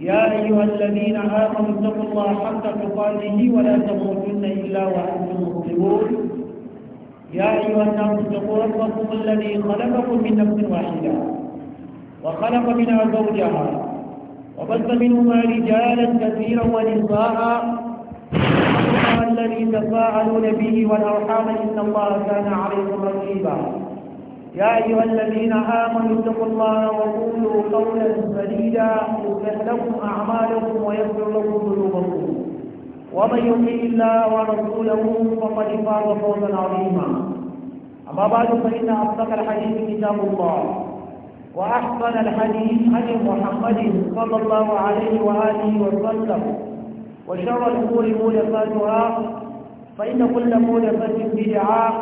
يا أيها الذين آمنوا اتقوا الله حق تقاته ولا تموتن إلا وأنتم مسلمون يا أيها الناس اتقوا ربكم الذي خلقكم من نفس واحدة وخلق منها زوجها وبث منهما رجالا كثيرا ونساء الذي تفاعلون به والأرحام إن الله كان عليكم رقيبا يا أيها الذين آمنوا اتقوا الله وقولوا قولا سديدا يغفر لكم أعمالكم ويغفر لكم ذنوبكم ومن يطع الله ورسوله فقد فاز فوزا عظيما أما بعد فإن أصدق الحديث كتاب الله وأحسن الحديث عن محمد صلى الله عليه وآله وسلم وشر الأمور مولفاتها فإن كل مولفة بدعة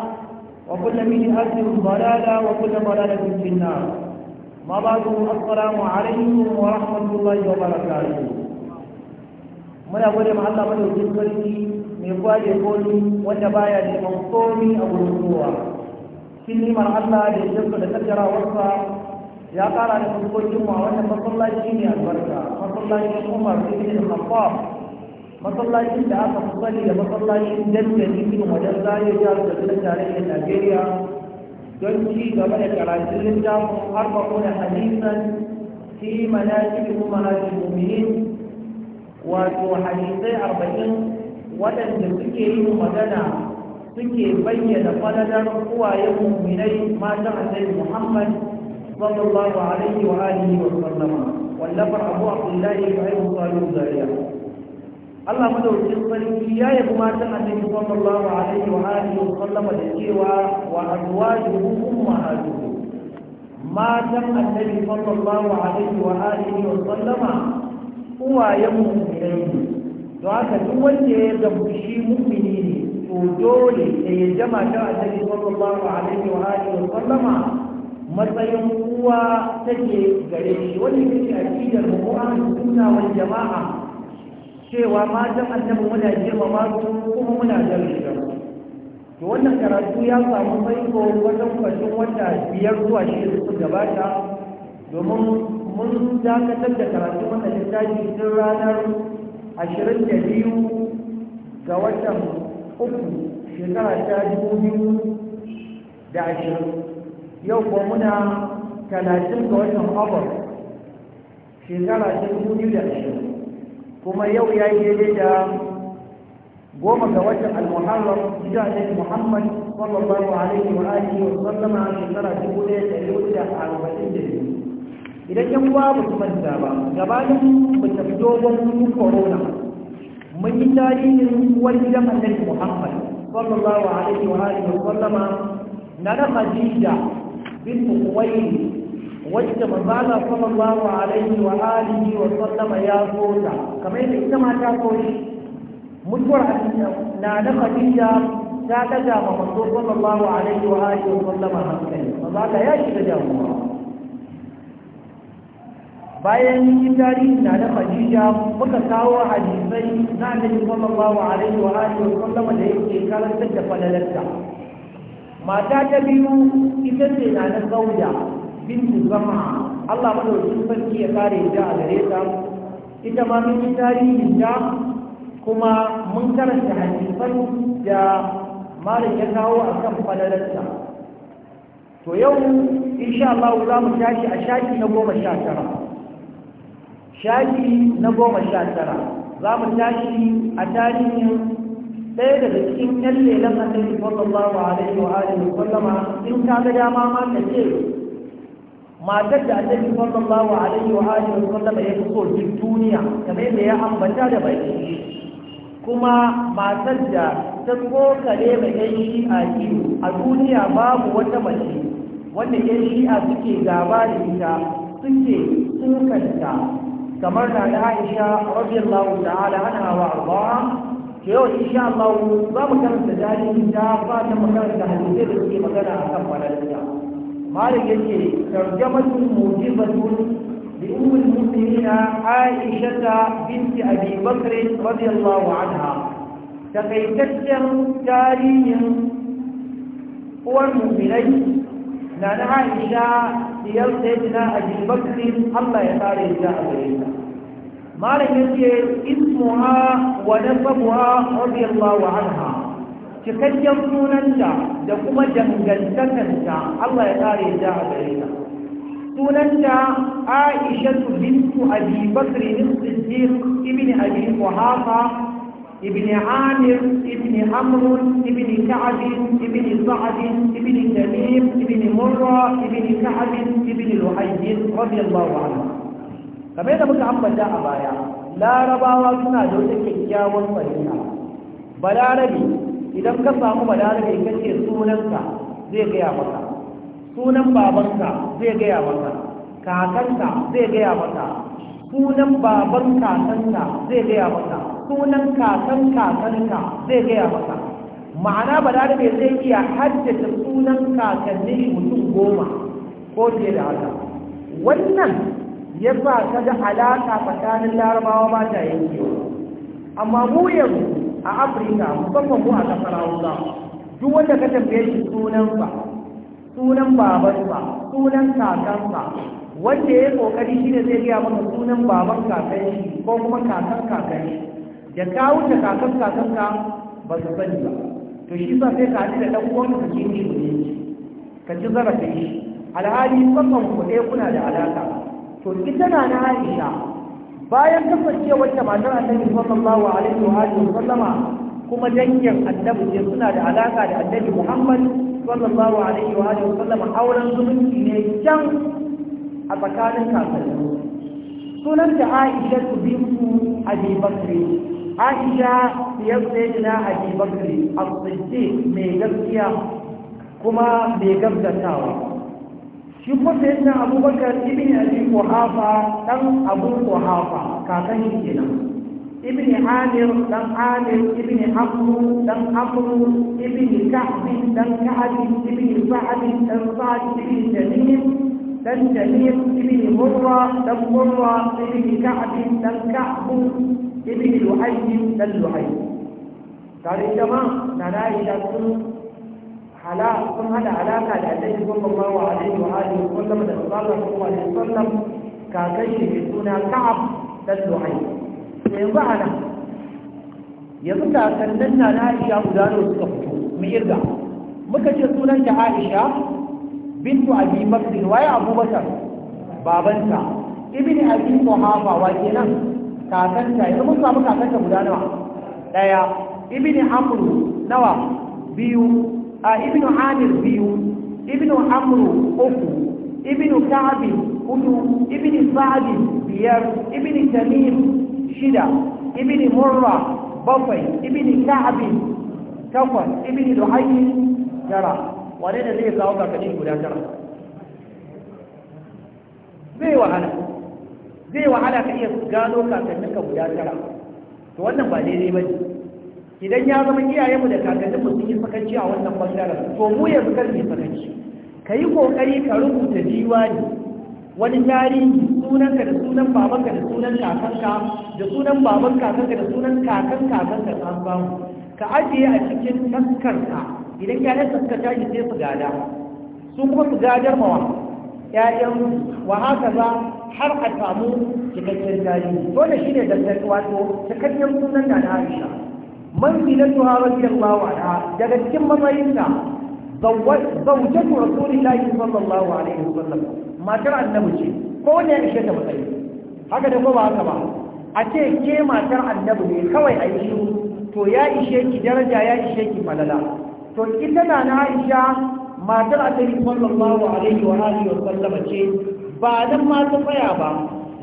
وكل بدعة ضلالة وكل ضلالة في النار ما بعد السلام عليكم ورحمة الله وبركاته muna gode ma Allah madaukin sarki mai kwaje koli wanda baya neman komi a gurin kowa shin nimar Allah da ya da kaddara wasa ya kara da fuskokin mu a wannan masallaci ne albarka masallacin Umar ibn Khattab masallacin da aka fi sani da masallacin dandali irin wajen zaya jihar da suna tarihin najeriya don ci gaba da karatun littafin arba'una hadisan fi manajin umarajin muminin wato hadisai arba'in waɗanda suke yin magana suke bayyana falalar uwayen muminai matan annabi muhammad sallallahu alaihi wa alihi wa sallama wallafar abu abdullahi ibn ayyub zariya Allah madaukakin sarki ya yabi matan annabi sallallahu alaihi wa alihi wa sallama da cewa wa azwajuhu ummahatuhum matan annabi sallallahu alaihi wa alihi wa sallama uwayen mu'minai to haka duk wanda ya gamshi mu'mini ne to dole da ya jama ta annabi sallallahu alaihi wa alihi wa sallama matsayin uwa take gare shi wani wanda a cikin mu'min sunna wal jama'a cewa matan annabi muna girma ma su kuma muna daraja to wannan karatu ya samu maiko wajen kwashin wata biyar zuwa da suka gabata domin mun dakatar da karatu wata tashi tun ranar ashirin da biyu ga watan uku shekara ta dubu biyu da ashirin yau ko muna talatin ga watan abar shekara ta dubu biyu da ashirin kuma yau ya yi daidai da goma ga watan al-muharram jiya ne muhammad sallallahu alaihi wa alihi wa sallama shekara dubu ɗaya da yau da arba'in da biyu idan yan uwa ba su manta ba gabanin ba ta fito ba mun corona mun yi tarihin uwar gidan annabi muhammad sallallahu alaihi wa alihi wa sallama na na khadija bin uwayi wacce manzala sallallahu alaihi wa alihi wa sallama ya so ta kamar yadda ita ma ta so Mutuwar mutuwar na da khadija ta daga ma manzo sallallahu alaihi wa alihi wa sallama hankali manzala ya shiga damuwa bayan yi tarihi na da khadija muka kawo hadisai na da annabi sallallahu alaihi wa alihi wa sallama da yake karantar da falalarta mata ta biyu ita ce na na sauda bintu zama Allah madaukakin sarki ya kare ta a gare ta ita ma mun tarihin ta kuma mun karanta hadisan da malam ya kawo a kan falalarta to yau insha Allah za mu tashi a shaki na goma sha tara shaki na goma sha tara za mu tashi a tarihin ɗaya daga cikin yan lelan annabi sallallahu alaihi wa alihi wa sallama in ka ga dama ma ka ce matar da annabi sallallahu alaihi wa alihi wa sallam ya fi so duk duniya kamar yadda ya ambata da baki kuma matar da ta kokare mai yan shi'a a duniya babu wata mace wanda yan shi'a suke gaba da ita suke tsukanta kamar na da aisha radiyallahu ta'ala anha wa arda ke yau insha Allah za mu karanta dalilin ta fata mu karanta hadisi da suke magana akan falalta قال لك ترجمة موجبة لأم المؤمنين عائشة بنت أبي بكر رضي الله عنها تقيتشم تاريخ هو المؤمنين نانا نعم، عائشة أبي بكر الله يتعالي إلى ما لك اسمها ونسبها رضي الله عنها cikakken sunanta da kuma dangantakanta Allah ya kare ta a gare ta sunanta Aisha bintu Abi Bakr as-Siddiq ibn Abi Quhafa ibn Amir ibn Amr ibn Ka'ab ibn Sa'd ibn Tamim ibn Murra ibn Ka'ab ibn Luhay radiyallahu anhu kamar yadda muka ambata a baya larabawa suna da wata kyakkyawar fahimta balarabi idan ka samu balarabe ka ce sunanka zai gaya maka sunan babanka zai gaya maka kakanka zai gaya maka sunan baban kakanka zai gaya maka sunan kakan kakanka zai gaya maka ma'ana balarabe zai iya haddace sunan kakannin mutum goma ko fiye da haka wannan ya sa ta da alaƙa tsakanin larabawa ba ta yankewa amma mu yanzu a afirka musamman ko a kasar hausa duk wanda ka tambaye shi ba sunan ba sunan ba wanda ya yi kokari shi ne zai gaya maka sunan baban kakan shi ko kuma kakan kakan shi da ka wuce kakan kakan ka ba su sani ba to shi sa sai ka haɗu da ɗan uwan ka cikin shi ne ka ci zarafin shi alhali musamman ku ɗaya kuna da alaka to ita na na aisha bayan kasancewa da matar annabi sallallahu alaihi wa alihi sallama kuma dangin annabi ne suna da alaka da annabi Muhammad sallallahu alaihi wa alihi sallama auren zumunci ne can a tsakanin kakanni sunan da Aisha bintu Abi Bakr Aisha ya na Abi Bakr a tsaye mai gaskiya kuma mai gaskatawa shi kuma sai na abubakar ibn abi kuhafa dan abu kuhafa kakan shi kenan ibn amir dan amir ibn amru dan amru ibn ka'b dan ka'b ibn sa'd dan sa'd ibn tamim dan tamim ibn murra dan murra ibn ka'b dan ka'b ibn lu'ay dan lu'ay tare jama'a na ra'ayi da sun ala sun hada alaka da annabi sallallahu alaihi wa alihi wa sallam da sallallahu alaihi wa sallam kakan shi mai suna ka'ab dan duhai to yanzu ana yanzu kakannin na na Aisha guda ne suka fito mu irga muka ce sunan ta Aisha bintu Abi Bakr waye Abu Bakar babanta ibni Abi Quhafa wa kenan kakanta yanzu mun samu kakanta guda nawa daya ibni Amr nawa biyu a Ibinu amir biyu Ibinu amru uku Ibinu ka'abi hudu Ibinu sa'adi biyar Ibinu tamim shida Ibinu murra bakwai Ibinu ka'abi takwas Ibinu luhayi tara wane da zai kawo kakanni guda tara zai wahala zai wahala ka iya gano ka guda tara to wannan ba daidai ba ne idan ya zama iyayenmu da kakanninmu sun yi sakanci a wannan bangaren to mu yanzu kar mu yi sakanci ka yi kokari ka rubuta diwani wani tarihi sunanka da sunan babanka da sunan kakanka da sunan baban kakanka da sunan kakan kakanka san samu ka ajiye a cikin taskarka idan ya taskar ta yi sai su gada su kuma su gadar mawa ƴaƴan wa haka za har a samu cikakken tarihi dole shine dangantawa wato cikakken sunan da na Aisha منزلتها رضي الله عنها daga cikin matsayinta zaujatu rasulillahi sallallahu alaihi wasallam matar annabi ce ko ne ya ta matsayi haka da kuma ba haka ba a ce ke matar annabi ne kawai a yi to ya ishe ki daraja ya ishe ki falala to ita na na Aisha matar annabi sallallahu alaihi wa alihi wasallam ce ba dan ma ta tsaya ba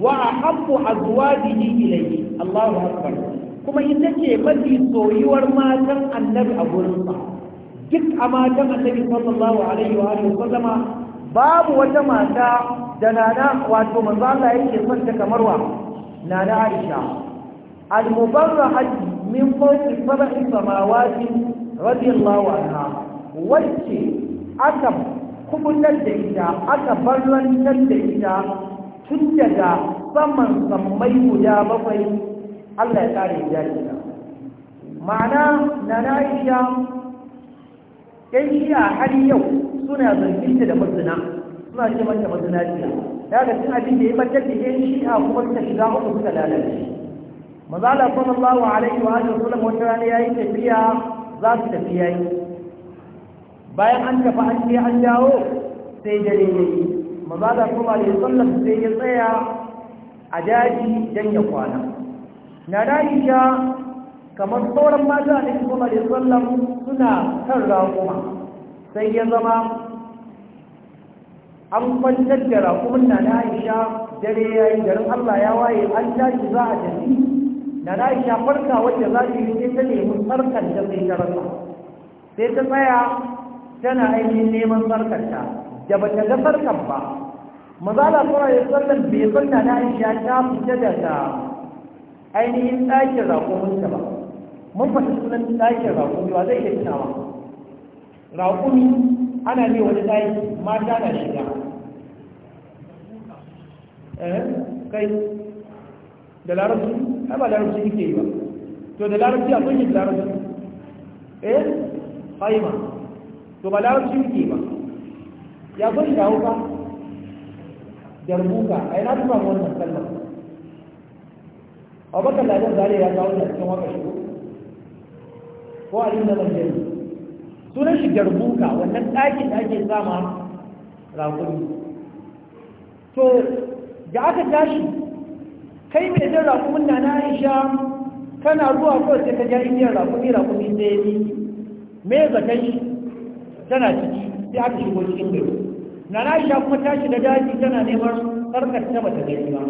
wa ahabbu azwajihi ilayhi Allahu akbar kuma ita ce mafi soyuwar matan annabi a gurinsa duk a matan annabi sallallahu alaihi wa alihi zama. babu wata mata da nana wato manzo Allah yake son ta kamar wa nana Aisha al-mubarrahat min fawqi sab'i samawati radiyallahu anha wacce aka kubutar da ita aka barlantar da ita tun daga saman sammai guda bakwai Allah ya kare jarida ma'ana na na'isha yan shiya har yau suna zarginta da mazina suna ce mata mazina jiya ya ga cin abin da ya fatar da yan shiya kuma ta shiga uku suka lalace mazala sallallahu alaihi wa alihi wasallam wata rana yayi tafiya za su tafi yayi bayan an tafi an je an dawo sai dare yayi mazala kuma alaihi wasallam sai ya tsaya a daji dan ya kwana na Aisha kamar sauran mata da kuma da sallam suna kan raƙuma sai ya zama an kwantar da raƙumin na Aisha dare yayi garin Allah ya waye an tashi za a tafi na Aisha farka wacce za ta yi ta nemi sarkar da sai ta rasa sai ta tsaya tana ainihin neman sarkarta da ba ta ga sarkar ba mazala sallallahu ya wasallam bai sanna na Aisha ta fita daga ainihin ɗakin raƙuminsa ba mun fata sunan ɗakin raƙumi ba zai yi tuna ba raƙumi ana ne wani ɗaki mata na shiga eh kai da larabci ai ba larabci yake yi ba to da larabci a sun yi larabci eh fahima to ba larabci yake ba ya kun shi da hauka ai na tuba wannan kalmar abubakar ladan zare ya kawo da cikin waka shigo ko a inda zan jari sunan shi garbuka wannan ɗakin da ake sama rakuni to da aka tashi kai mai jin rakumin na na aisha kana zuwa kawai sai ka ja iniyar rakumi rakumi sai ya yi me zakan shi tana ciki sai aka shigo cikin gari na na aisha kuma tashi da daji tana neman tsarkar ta bata gari ba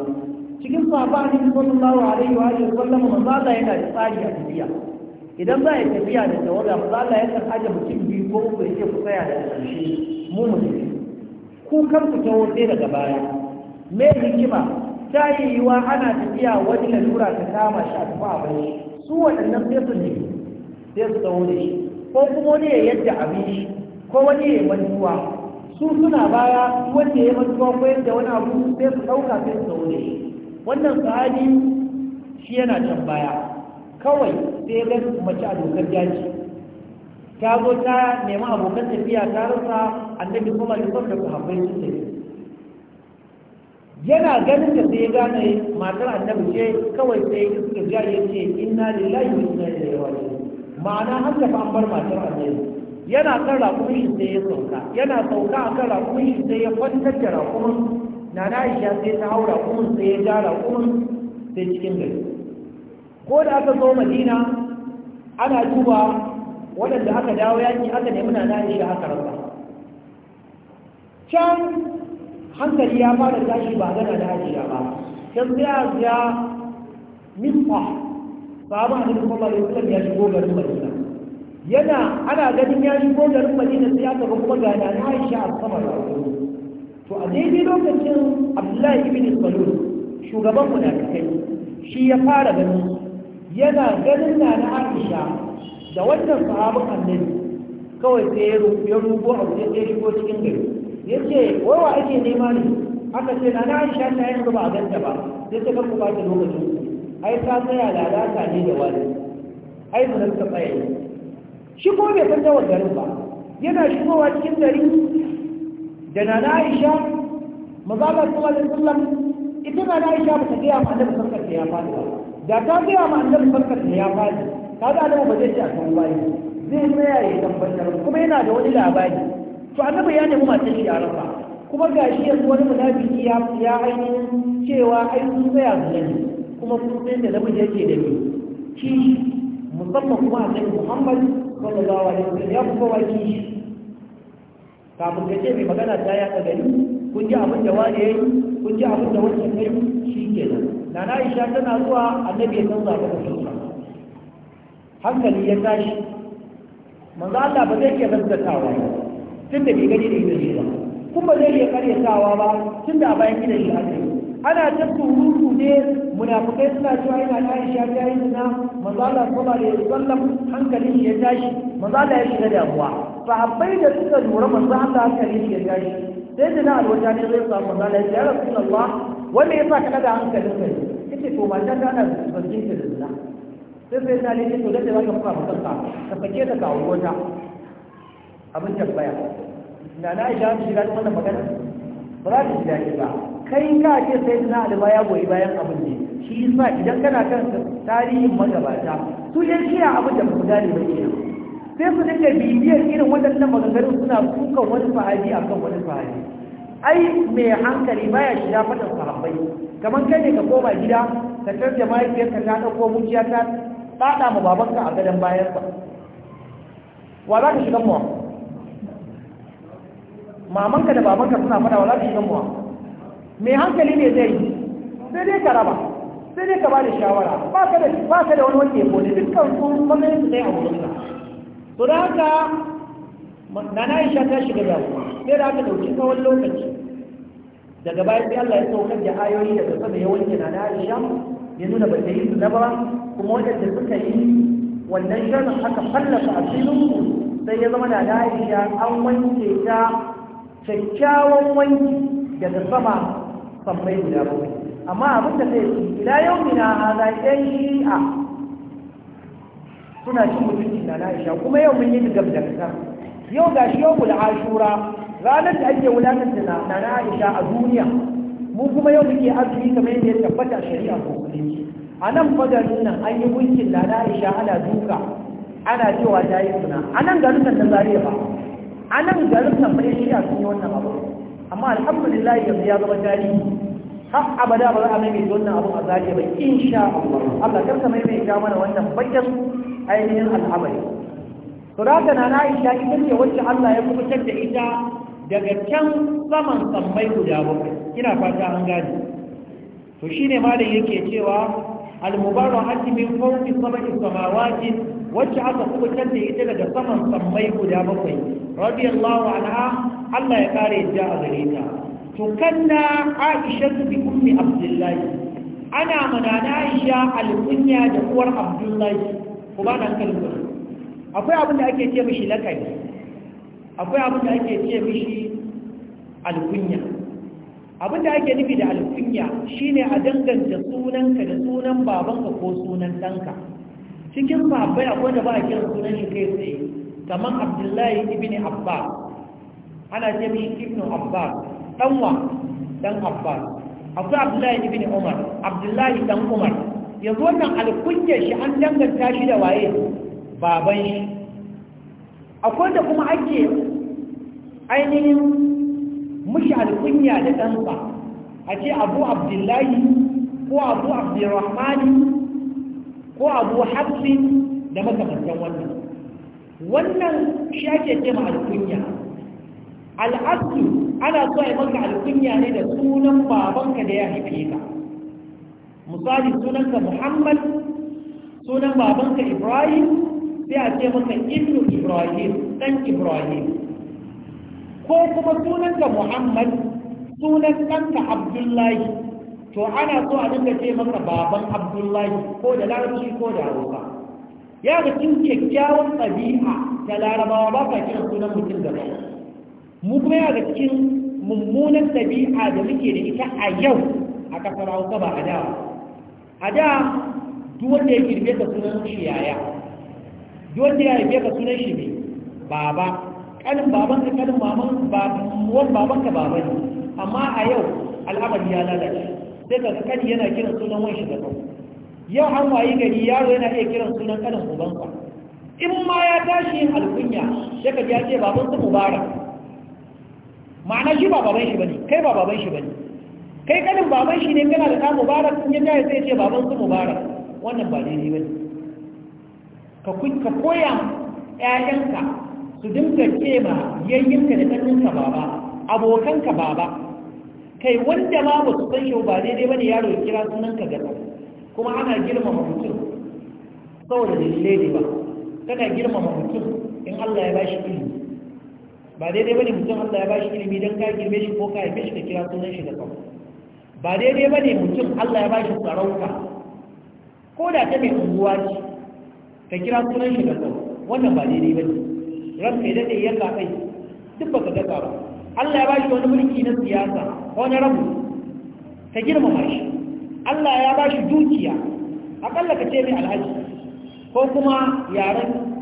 cikin sabani sallallahu alaihi wa alihi wasallam manzo Allah yana da tsari a tafiya idan za ya tafiya da tawaga za Allah ya san aje mutum biyu ko uku yake ku tsaya da ƙarshe mu mu tafi ku kan ku tawo sai daga baya me hikima ta yi yiwa ana tafiya wani lalura ta kama shi a tafi a bai su waɗannan sai su ne sai su tawo da shi ko kuma wani ya yadda abin ko wani ya yi mantuwa su suna baya wanda ya yi mantuwa ko yadda wani abu sai su ɗauka sai su tawo da shi wannan sahabi shi yana can baya kawai sai ya gani mace a dokar jaji. ta zo ta nemi abokan tafiya ta rasa annabi kuma da kwanta ku haɓar su yana ganin da sai ya gane matar annabi ce kawai sai ya suka ja ya ce inna lillahi wa inna ilaihi raji'un ma'ana har da an bar matar annabi yana kan raƙumin shi sai ya sauka yana sauka a kan raƙumin shi sai ya kwantar da raƙumin na na isha sai ta haura kumin sai ya jara kumin sai cikin gari ko da aka zo madina ana duba waɗanda aka dawo yaki aka nemi na na isha aka rasa can hankali ya fara tashi ba gana da haji ba can sai a ziya misfa babu a cikin kwallo ya shigo garin madina yana ana ganin ya shigo garin madina sai aka ga kuma gana na aisha a sama da to a daidai lokacin abdullahi ibn salul shugaban munafikai shi ya fara gani. yana ganin na na aisha da wannan sahabin annabi kawai sai ya rubo a wajen ya shigo cikin gari ya ce wai wa ake nema ne aka ce na na aisha ta yi ba a ganta ba sai ta kan kuma ta lokacin ai ta tsaya da ta ne da wani ai mu nan ta tsaya shi ko bai san tawar garin ba yana shigowa cikin gari da na Aisha mazalar kuma da sallan ita na Aisha ba ta gaya ma annabi sarkar ta ya fadi ba da ta gaya ma annabi sarkar ta ya fadi kaga annabi ba zai ci a kan bayi zai tsaya ya tabbatar kuma yana da wani labari to annabi ya nemi matan shi a rafa kuma shi yanzu wani munafiki ya ya ainihin cewa ai sun tsaya su ne kuma kuma da namiji yake da ni kishi musamman kuma a Muhammad sallallahu alaihi wasallam ya kuma kishi kafin ka ce mai magana ta ya gari kun ji abin da wani yayi kun ji abin da wancan yayi shi ke nan na na isha tana zuwa annabi ya canza ta kashin hankali ya tashi manzo Allah ba zai iya zantatawa tun da bai gani da ido ba kuma zai iya karyatawa ba tun da a bayan gidan shi aka yi ana ta tururu ne munafukai suna cewa yana ta Aisha ta yi zina manzo Allah sallallahu alaihi wasallam hankalin shi ya tashi manzo Allah ya shiga damuwa sahabbai da suka lura manzo Allah aka ne ke gani sai da na alwaja ne zai samu manzo Allah ya Allah wanda ya sa ka daga hankalin kai Kike to ma ta na zargin ka da zina sai sai ta ne to da ba ka fara maka ka fake ta kawo wata abin tabbaya na na aisha ta shiga wannan magana ba za ta shiga ba kai ka ce sai na alba ya goyi bayan abin ne shi yasa idan kana kan tarihin magabata su yan shiya abin da ba su gane ba kenan sai su dinga bibiyar irin waɗannan maganganun suna kuka wani a akan wani sahabi ai mai hankali baya shiga faɗin sahabbai kamar kai ne ka koma gida ka mahaifiyar ka ta ɗauko muciya ta ɗaɗa ma babanka a gadon bayansa wa za ka shiga muwa mamanka da babanka suna faɗa wa za ka shiga muwa mai hankali ne zai yi sai dai ka raba sai dai ka ba da shawara ba ka da wani wanda ya kone dukkan su mamayin su ɗaya a wurinka to da Nana isha ta shiga damuwa sai da aka dauki tsawon lokaci daga bayan sai Allah ya saukar da ayoyi daga sama ya wanke na na isha ya nuna ba ta yi zina ba kuma waɗanda suka yi wannan shirin aka fallasa a ku, sai ya zama na na isha an wanke ta kyakkyawan wanki daga sama sammai guda bakwai amma abin da zai ila yau mina a zaƙen shi'a suna cin mutunci na Aisha kuma yau mun yi gab da kasa yau gashi yau kul ashura ranar da ake wulatar da na Aisha a duniya mu kuma yau muke azumi kamar yadda ya tabbata shari'a ko kulinci a nan fadarin nan an yi gunkin na Aisha ana duka ana cewa ta yi suna a nan garin nan zariya ba a nan garin nan fa shari'a sun yi wannan abu amma alhamdulillah yanzu ya zama tarihi har abada ba za a mai wannan abu a zariya ba insha Allah Allah kar ka maimaita mana wannan bakin ainihin al'amari to da na Aisha ita ce wacce Allah ya kubutar da ita daga can saman sammai guda bakwai ina fata an gane to shine malam yake cewa al-mubarrahati min fawqi sab'i samawati wacce aka kubutar da ita daga saman sammai guda bakwai radiyallahu anha Allah ya kare ta a gare ta to kanna Aisha bi ummi Abdullahi ana manana Aisha al-kunya da uwar Abdullahi ku ba na hankalin ku akwai abin da ake ce mishi lakari akwai abin da ake ce mishi alkunya abin da ake nufi da alkunya shine a danganta sunanka da sunan babanka ko sunan ɗanka cikin babai akwai da ba a kiran sunan shi kai tsaye kamar abdullahi ibn abbas ana ce mishi ibn abbas ɗanwa dan abbas akwai abdullahi ibn umar abdullahi dan umar yanzu wannan alkunyar shi an danganta shi da waye baban shi akwai da kuma ake ainihin mushi alkunya da ɗansa a ce abu abdullahi ko abu abdurrahmani ko abu hafi da makamantan wannan wannan shi ake ce ma alkunya Al'adu ana so a maka alkunya ne da sunan babanka da ya haife ka misali sunanka muhammad sunan babanka ibrahim sai a ce maka ibnu ibrahim dan ibrahim ko kuma sunanka muhammad sunan ɗanka abdullahi to ana so a dinga ce maka baban abdullahi ko da larabci ko da hausa ya ga cin kyakkyawan ɗabi'a ta larabawa ba ka kiran sunan mutum da ba mu kuma ya ga cikin mummunan ɗabi'a da muke da ita a yau a ƙasar hausa ba a dawa a da duk wanda ya girbe ka sunan shi yaya duk wanda ya haife ka sunan shi ne baba kanin baban ka kanin baban baban baban ka baba ne amma a yau al'amari ya lalace sai ka kani yana kiran sunan wani shi da yau an wayi gari yaro yana iya kiran sunan kanin ubansa in ma ya tashi yin alkunya sai ka ji ya ce baban su mubarak ma'ana shi ba baban shi bane kai ba baban shi bane kai kanin baban shi ne kana da ɗa mubarak in ya tashi sai ce baban su mubarak wannan ba daidai ba ka ka koya ƴaƴanka su dinga ce ma yayyinka da ɗanninka baba abokanka baba kai wanda ma ba su san shi ba daidai ba ne yaro ya kira sunanka gaba kuma ana girmama mutum saboda dalilai ne ba kana girmama mutum in Allah ya bashi ilimi ba daidai bane mutum Allah ya bashi ilimi dan ka girme shi ko ka haife shi da kira sunan shi da kawai ba daidai ba ne mutum allah ya ba shi tsarauka ko da ta mai unguwa ce ka kira sunan shi da wannan ba daidai ba ne ranka ya daɗe yanka kai duk ba ka daga ba allah ya ba shi wani mulki na siyasa ko na rabu ka girmama shi allah ya ba shi dukiya akalla ka ce mai alhaji ko kuma yaren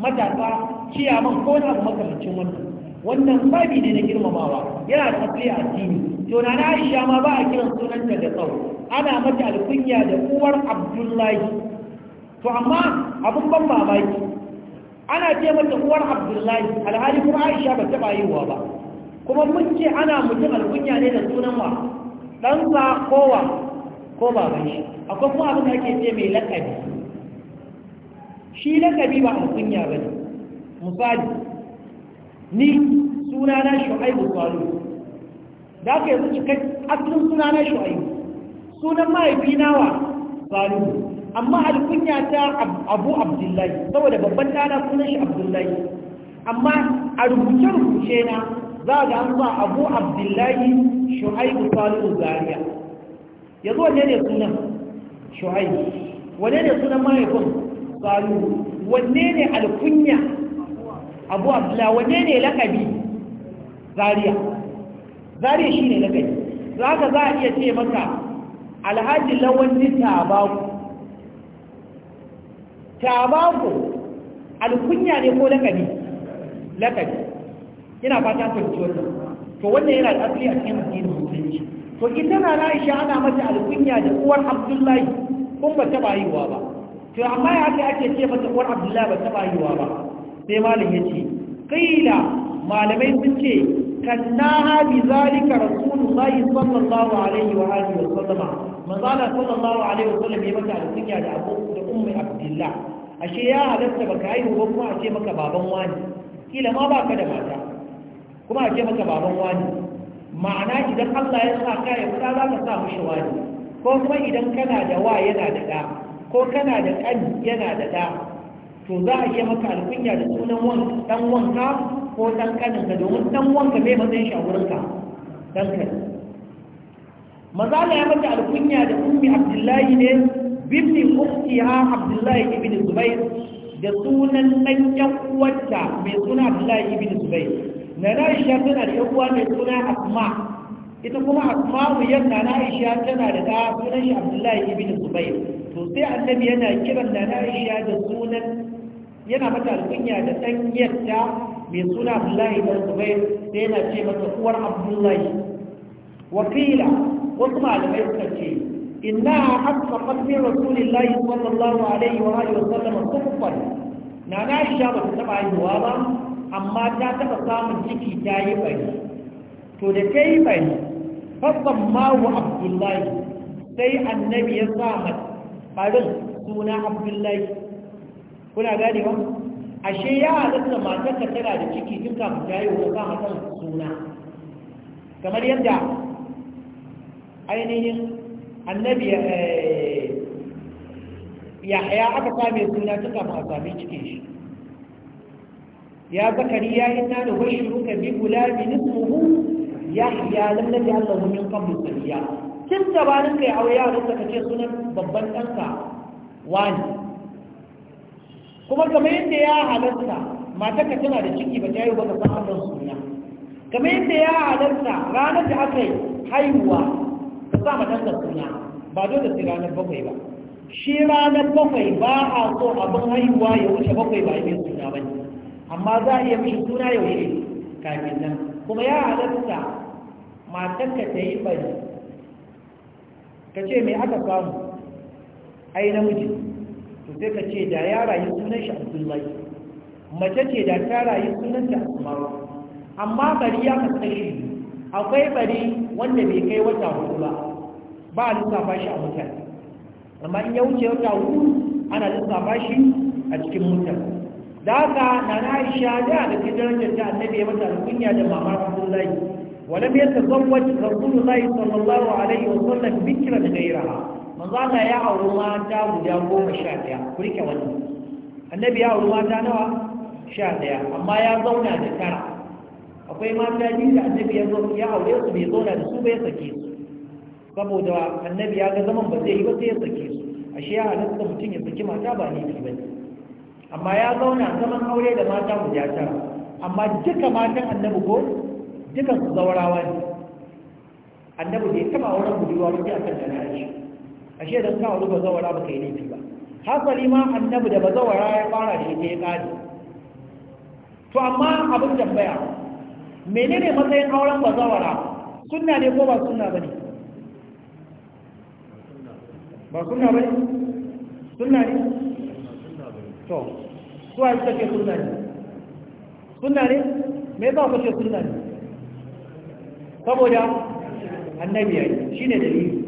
matasa ciyaman ko na abu makamancin wannan wannan babi ne na girmamawa yana da a addini to na Aisha ma ba a kiran sunanta da tsawo ana mata alkunya da uwar Abdullahi to amma abin ban mamaki ana ce mata uwar Abdullahi alhali kuma Aisha ba taba yiwa ba kuma mun ce ana mutum alkunya ne da sunan wa dan sa kowa ko baban shi akwai kuma abin da ake ce mai lakabi shi lakabi ba alkunya ba ne. misali ni sunana Shu'aibu Salu da aka yanzu cikin asirin suna na shu'ayi sunan mahaifi nawa salu amma alkunya ta abu abdullahi saboda babban dana sunan shi abdullahi amma a rubuce rubuce na za ga an abu abdullahi shu'aibu salihu Zariya? yanzu wanne ne sunan shu'aibu wanne ne sunan mahaifin salu wanne ne alkunya abu abdullahi wanne ne lakabi Zariya? zariya shi ne na gari za ka za a iya ce maka alhaji lawanni tabaku tabaku alkunya ne ko lakabi lakabi yana fata fahimci wannan to wannan yana da asali a cikin addinin musulunci to ita na Aisha ana mata alkunya da uwar Abdullahi kun ba taba yiwa ba to amma ya haka ake ce mata uwar Abdullahi ba taba yiwa ba sai malam ya yace qila malamai sun ce kannaha bi zalika rasulullah sallallahu alaihi wa alihi wa sallama manzala sallallahu alaihi wa sallam ya maka alƙinya da abu da ummi abdullah ashe ya halatta baka haihu ba kuma a ce maka baban wani kila ma baka da mata kuma a ce maka baban wani ma'ana idan Allah ya sa ka ya fita za ka sa mishi wani ko kuma idan kana da wa yana da ɗa ko kana da ɗan yana da ɗa to za a yi maka alkunya da sunan ɗan wanka ko ɗan kaninka domin ɗan wanka zai matsayin shi a wurinka ɗan kanin mazala ya mata alkunya da ummi abdullahi ne bibni uktiha abdullahi ibn zubair da sunan ɗan ƴan uwarta mai suna abdullahi ibn zubair na Aisha tana da ƴan uwa mai suna asma ita kuma asma wuyar na Aisha tana da ɗa sunan shi abdullahi ibn zubair to sai annabi yana kiran na Aisha da sunan yana mata alkunya da ɗan yarta mai suna abdullahi da zubair sai yana ce masa uwar abdullahi wakila wasu malamai suka ce inna hatta qasmi rasulillahi sallallahu alaihi wa alihi wa na na sha ba ta taba haihuwa ba amma ta taba samun ciki ta yi bari to da ta yi bari fasan mawu abdullahi sai annabi ya sa ɓarin suna abdullahi kuna gane ba ashe ya halatta matarka tana da ciki tun kafin ta yi wa mata suna kamar yadda ainihin annabi eh, ya haya aka same suna tun kafin a sami cikin shi ya zakari ya yi tana washi ruka bi gulabi nismuhu ya lam nabi allahu min qablu sabiya tun gabanin kai aure yaron ka ce sunan babban ɗansa wani kuma kamar yadda ya halatta mata ka tana da ciki ba ta yi baka san Allah suna kamar yadda ya halatta ranar da aka yi haihuwa ta sa mata da suna ba dole da ranar bakwai ba shi ranar bakwai ba a so abin haihuwa ya wuce bakwai ba yi suna ba ne amma za a iya mishi suna yaushe kafin nan kuma ya halatta ka ta yi bari ka ce mai aka samu ai namiji to sai ka ce da ya rayu sunan shi abdullahi mace ce da ta rayu sunan ta asmawa amma bari ya kasashi akwai bari wanda bai kai wata hudu ba ba a lissafa shi a mutane amma in ya wuce wata hudu ana lissafa shi a cikin mutane da haka na na aisha da a cikin darajar ta annabi ya mata alkunya da mama abdullahi wani bai ta zan wata rasulullahi sallallahu alaihi wasallam bikira da gairaha manzo Allah ya auri mata guda goma sha ɗaya ku rike wannan annabi ya auri mata nawa sha ɗaya amma ya zauna da tara akwai mata biyu da annabi ya zo ya aure su bai zauna da su bai sake su saboda annabi ya ga zaman ba zai yi ba sai ya sake su ashe ya halatta mutum ya saki mata ba ne ba ne amma ya zauna zaman aure da mata guda tara amma duka matan annabi ko duka su zaurawa ne annabi bai taba auren budurwa ba sai akan da na shi ashe da ka wani bazawara baka yi laifi ba hasali ma annabi da bazawara ya fara da ita ya kare to amma abin tambaya menene matsayin auren bazawara sunna ne ko ba sunna ne? ba sunna ne? sunna ne to su ai take sunna ne sunna ne me ba ku ce sunna ne saboda annabi shi ne dalili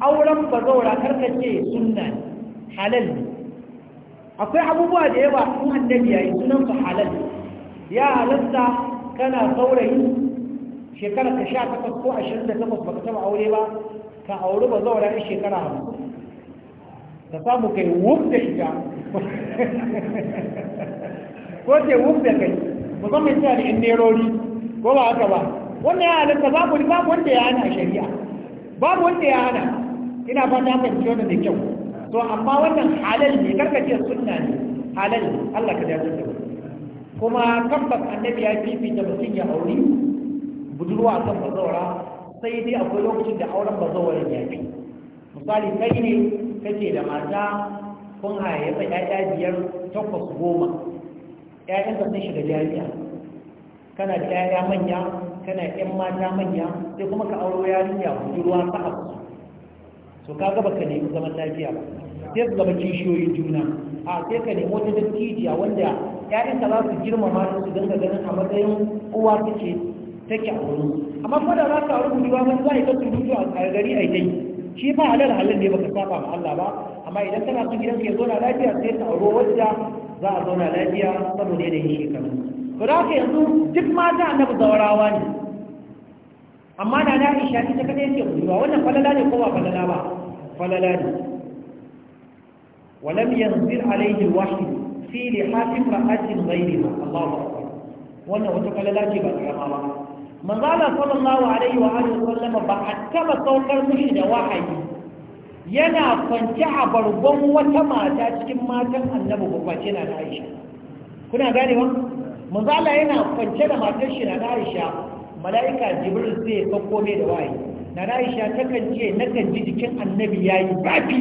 auren ba bazawara karkace sunna halal akwai abubuwa da yawa sun annabi yayi sunan su halal ya halatta kana saurayi shekara ta sha takwas ko ashirin da takwas baka taba aure ba ka auri bazawara ya shekara hamsin ka samu kai wuf da shiga ko ce wuf da kai musamman ta da in nerori ko ba haka ba wannan ya halatta babu babu wanda ya hana shari'a babu wanda ya hana ina fata ta ji wannan da kyau to amma wannan halal ne karka ce sunna ne halal Allah ka dace da kuma tabbas annabi ya da mutum ya aure budurwa kan bazawara sai dai akwai lokacin da auren bazawara ya fi misali kai ne kake da mata kun hayayyafa ƴaƴa biyar takwas goma ƴaƴanka sun shiga jami'a kana da ƴaƴa manya kana ƴan mata manya sai kuma ka auro yarinya budurwa sa'ab to kaga ka nemi zaman lafiya ba sai su zama kishiyoyin juna a sai ka nemi wata dattijiya wanda ƴaƴanta za su girmama su su dinga ganin a matsayin uwa take take a wurin amma ko da za ka aure budurwa wani za a yi ta turutu a gari a yi shi ba halal halin ne baka saba ma Allah ba amma idan kana son gidanka ya zauna lafiya sai ka aure wadda za a zauna lafiya saboda yanayin shekaru to da haka yanzu duk mata annabi zawarawa ne amma da na isha ita kada yake budurwa wannan falala ne ko ba falala ba falala ne walam yanzir alaihi alwahyi fi lihatin ra'atin ghayriha Allahu akbar wannan wata falala ce ba karama ba manzo Allah sallallahu alaihi wa alihi wasallam ba a taba saukar mishi da wahayi yana kwance a bargon wata mata cikin matan annabi babbace na Aisha kuna ganewa manzo Allah yana kwance da matar shi na Aisha mala'ika jibril zai sauko mai da wayi na aisha takan ce kan ji jikin annabi yayi bafi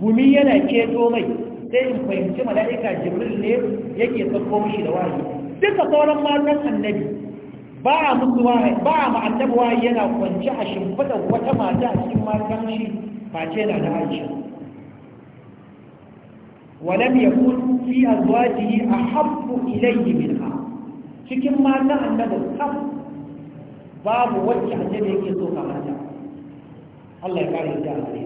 gumi yana keto mai sai in fahimci mala'ika jibril ne yake sauko mishi da wayi duka sauran matan annabi ba a musu wayi ba a ma'annabi wayi yana kwance a shimfiɗa wata mata a cikin matan shi face na da aisha ولم يكن في أزواجه أحب إليه منها cikin mata annabin kam babu wacce annabi yake so kamar ta Allah ya kare ta amare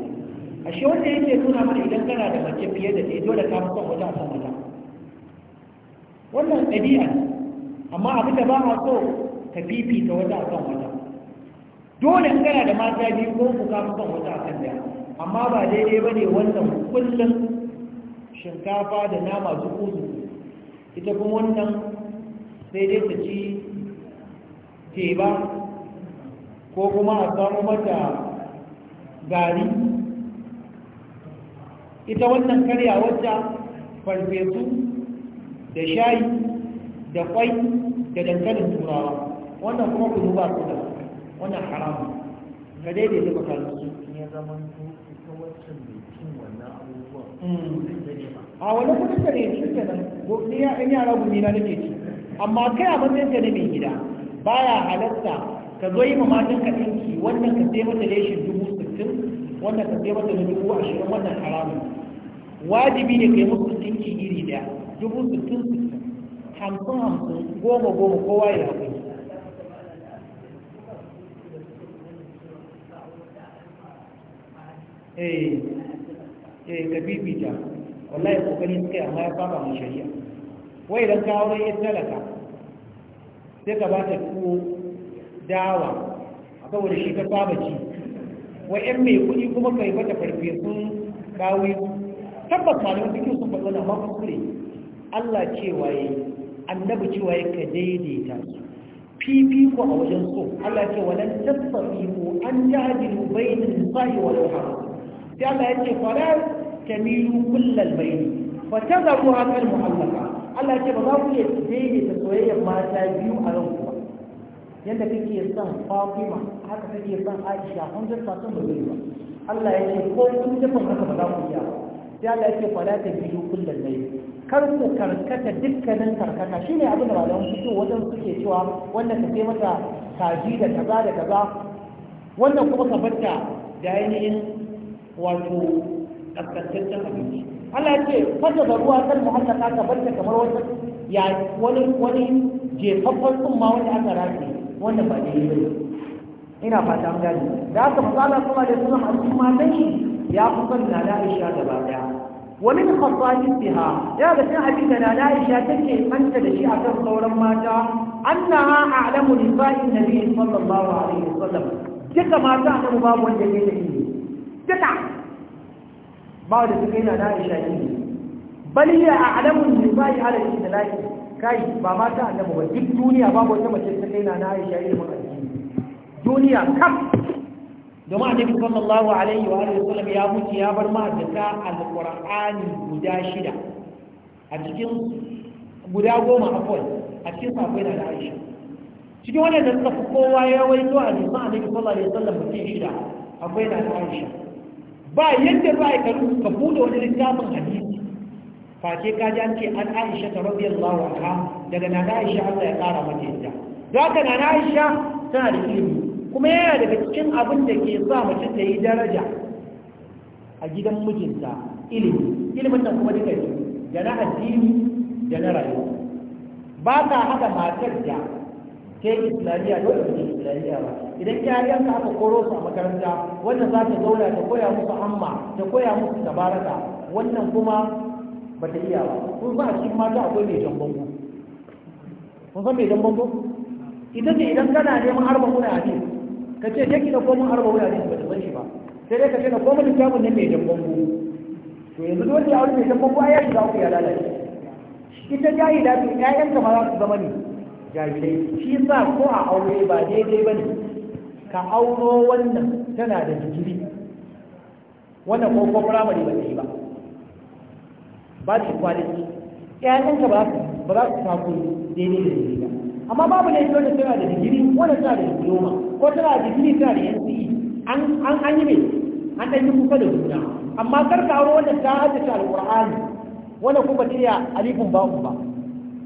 ashe wanda yake nuna mana idan kana da mace fiye da ɗaya dole ka fi son wata a sama ta wannan ɗabi'a amma abin da ba a so ka fifita wata a kan wata dole in kana da mata biyu ko ku ka fi son wata a kan ɗaya amma ba daidai ba ne wannan kullum shinkafa da nama zuku zuku ita kuma wannan sai dai ta ci teba ko kuma a samu mata gari ita wannan karya wacce farfesu da shayi da kwai da dankalin turawa wannan kuma ku duba su da wannan haramun ka daidai da makarantu ya zama ita wacce mai cin wannan abubuwan hmm. a wani kudin da ne shi nan, gobe ya yara gumi na nake ci amma kai a matsayin ka ne mai gida baya halatta ka zo yi ma matan ka ɗinki wannan ka sai mata leshin dubu sittin wannan ka sai mata dubu ashirin wannan haramun wajibi ne kai musu ɗinki iri ɗaya dubu sittin sittin hamsin hamsin goma goma kowa ya haƙuri eh eh ka bibita wallahi kokari suka yi amma ya saba mai shari'a wai idan ka aure ya talaka sai ka ba ta tuwo dawa saboda shi ka saba ci wa'yan mai kuɗi kuma kai mata farfesun kawai tabbas malamin cikin sun faɗi wannan mafi Allah cewa ya yi annabi cewa ya ka daidaita su fifiko a wajen so Allah ce wa lan tasfafi ko an jadilu bainin sahi wa laha sai Allah ya ce fara tamilu kullal baini fa tazaru hakal muhallaka. Allah ya ce ba za ku iya daidaita soyayyar mata biyu a ranku yadda kake son fatima haka kake son aisha 100% ba zai ba Allah ya ce ko kun dafin haka ba za ku iya sai Allah ya ce fala ta biyu kullum ne kar ku karkata dukkanin karkata shine abin da malaman fito wajen suke cewa wannan ka sai mata kaji da kaza da kaza wannan kuma ka ta da ainihin wato kaskantaccen abinci Allah ya ce fata da ruwa kan muhallaka ka ta kamar wata ya wani wani jefaffen tsumma wanda aka rataye wanda ba daidai ba ina fata an gani da aka fasala kuma da sunan abin matan ya fi son na da aisha gaba daya wani da fasali siha ya ga cin abin da na da aisha take manta da shi akan sauran mata annaha a'lamu nisa'in nabi sallallahu alaihi wasallam duka mata annabi babu wanda ke da ilimi duka ba da suke yana da aisha ne bal ya a'lamu nisa'i ala da islam kai ba ma annabi ba duk duniya babu wata mace ta kai na Aisha ilimin addini duniya kam domin annabi sallallahu alaihi wa alihi wasallam ya mutu ya bar mahaddata alqur'ani guda shida a cikin guda goma akwai a cikin sakwai da Aisha cikin wannan da suka kowa ya waito a jikin annabi sallallahu alaihi wasallam mutum shida akwai da Aisha ba yadda za a yi ka bude wani littafin hadisi face ka ji an ce an aisha ta radiyallahu anha daga nana aisha Allah ya kara mata yadda zaka nana aisha tana da ilimi kuma yana daga cikin abin da ke sa mace ta yi daraja a gidan mijinta ilimi ilimin nan kuma duka ne da na addini da na rayuwa ba ta haka matar da ta yi islamiyya da wadda ta islamiyya ba idan yayan ka aka koro su a makaranta wanda za ta zauna ta koya musu amma ta koya musu tabaraka wannan kuma Bata iya ba Kuma ba a cikin mata akwai mai jan bango kun san mai jan bango ita ce idan kana neman harba kuna a ce ka ce take da komin harba kuna a ce ba ta san shi ba sai dai ka ce da komin littafin nan mai jan bango to yanzu dole ya aure mai jan bango ai ya shiga uku ya lalace ita jahila ce ƴaƴan ma za su zama ne jahilai shi sa ko a aure ba daidai ba ne ka auro wannan tana da jikiri wannan ko ko firamare ba ta yi ba ba shi kwaliti ƴaƴanka ba ba za su samu daidai da daidai ba amma babu ne wanda tana da digiri wanda tana da diploma ko tana da digiri tana da yanzu e. an an an yi mai an ɗan yi kusa da juna amma kar ka aro wanda ta haddace alƙur'ani wanda ba ta iya alifin ba'u ba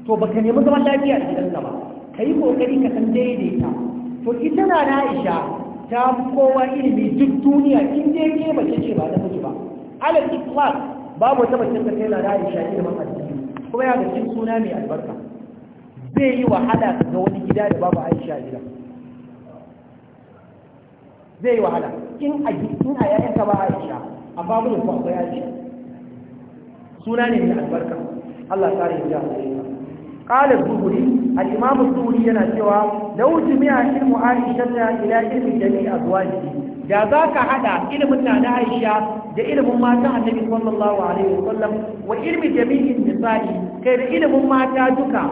to ba ka nemi zaman lafiya a gidanka ba ka yi ƙoƙari ka san daidaita to ita na Aisha ta kowa ilimi duk duniya in dai ke ba ce ba da mutu ba alal ikhlas babu wata mace ta kai lada Aisha da addini kuma ya da cin suna mai albarka zai yi wahala ga wani gida da babu Aisha gida zai yi wahala in a in a yayin ka ba Aisha amma gudun ku akwai Aisha suna ne mai albarka Allah tsare ya ji قال الزهري الإمام الزهري ينسوا لو جمع علم عائشة إلى علم جميع أزواجه da za ka hada ilimin na na aisha da ilimin mata matan annabi sallallahu alaihi wasallam wa ilmi jami'in misali kai da ilimin mata duka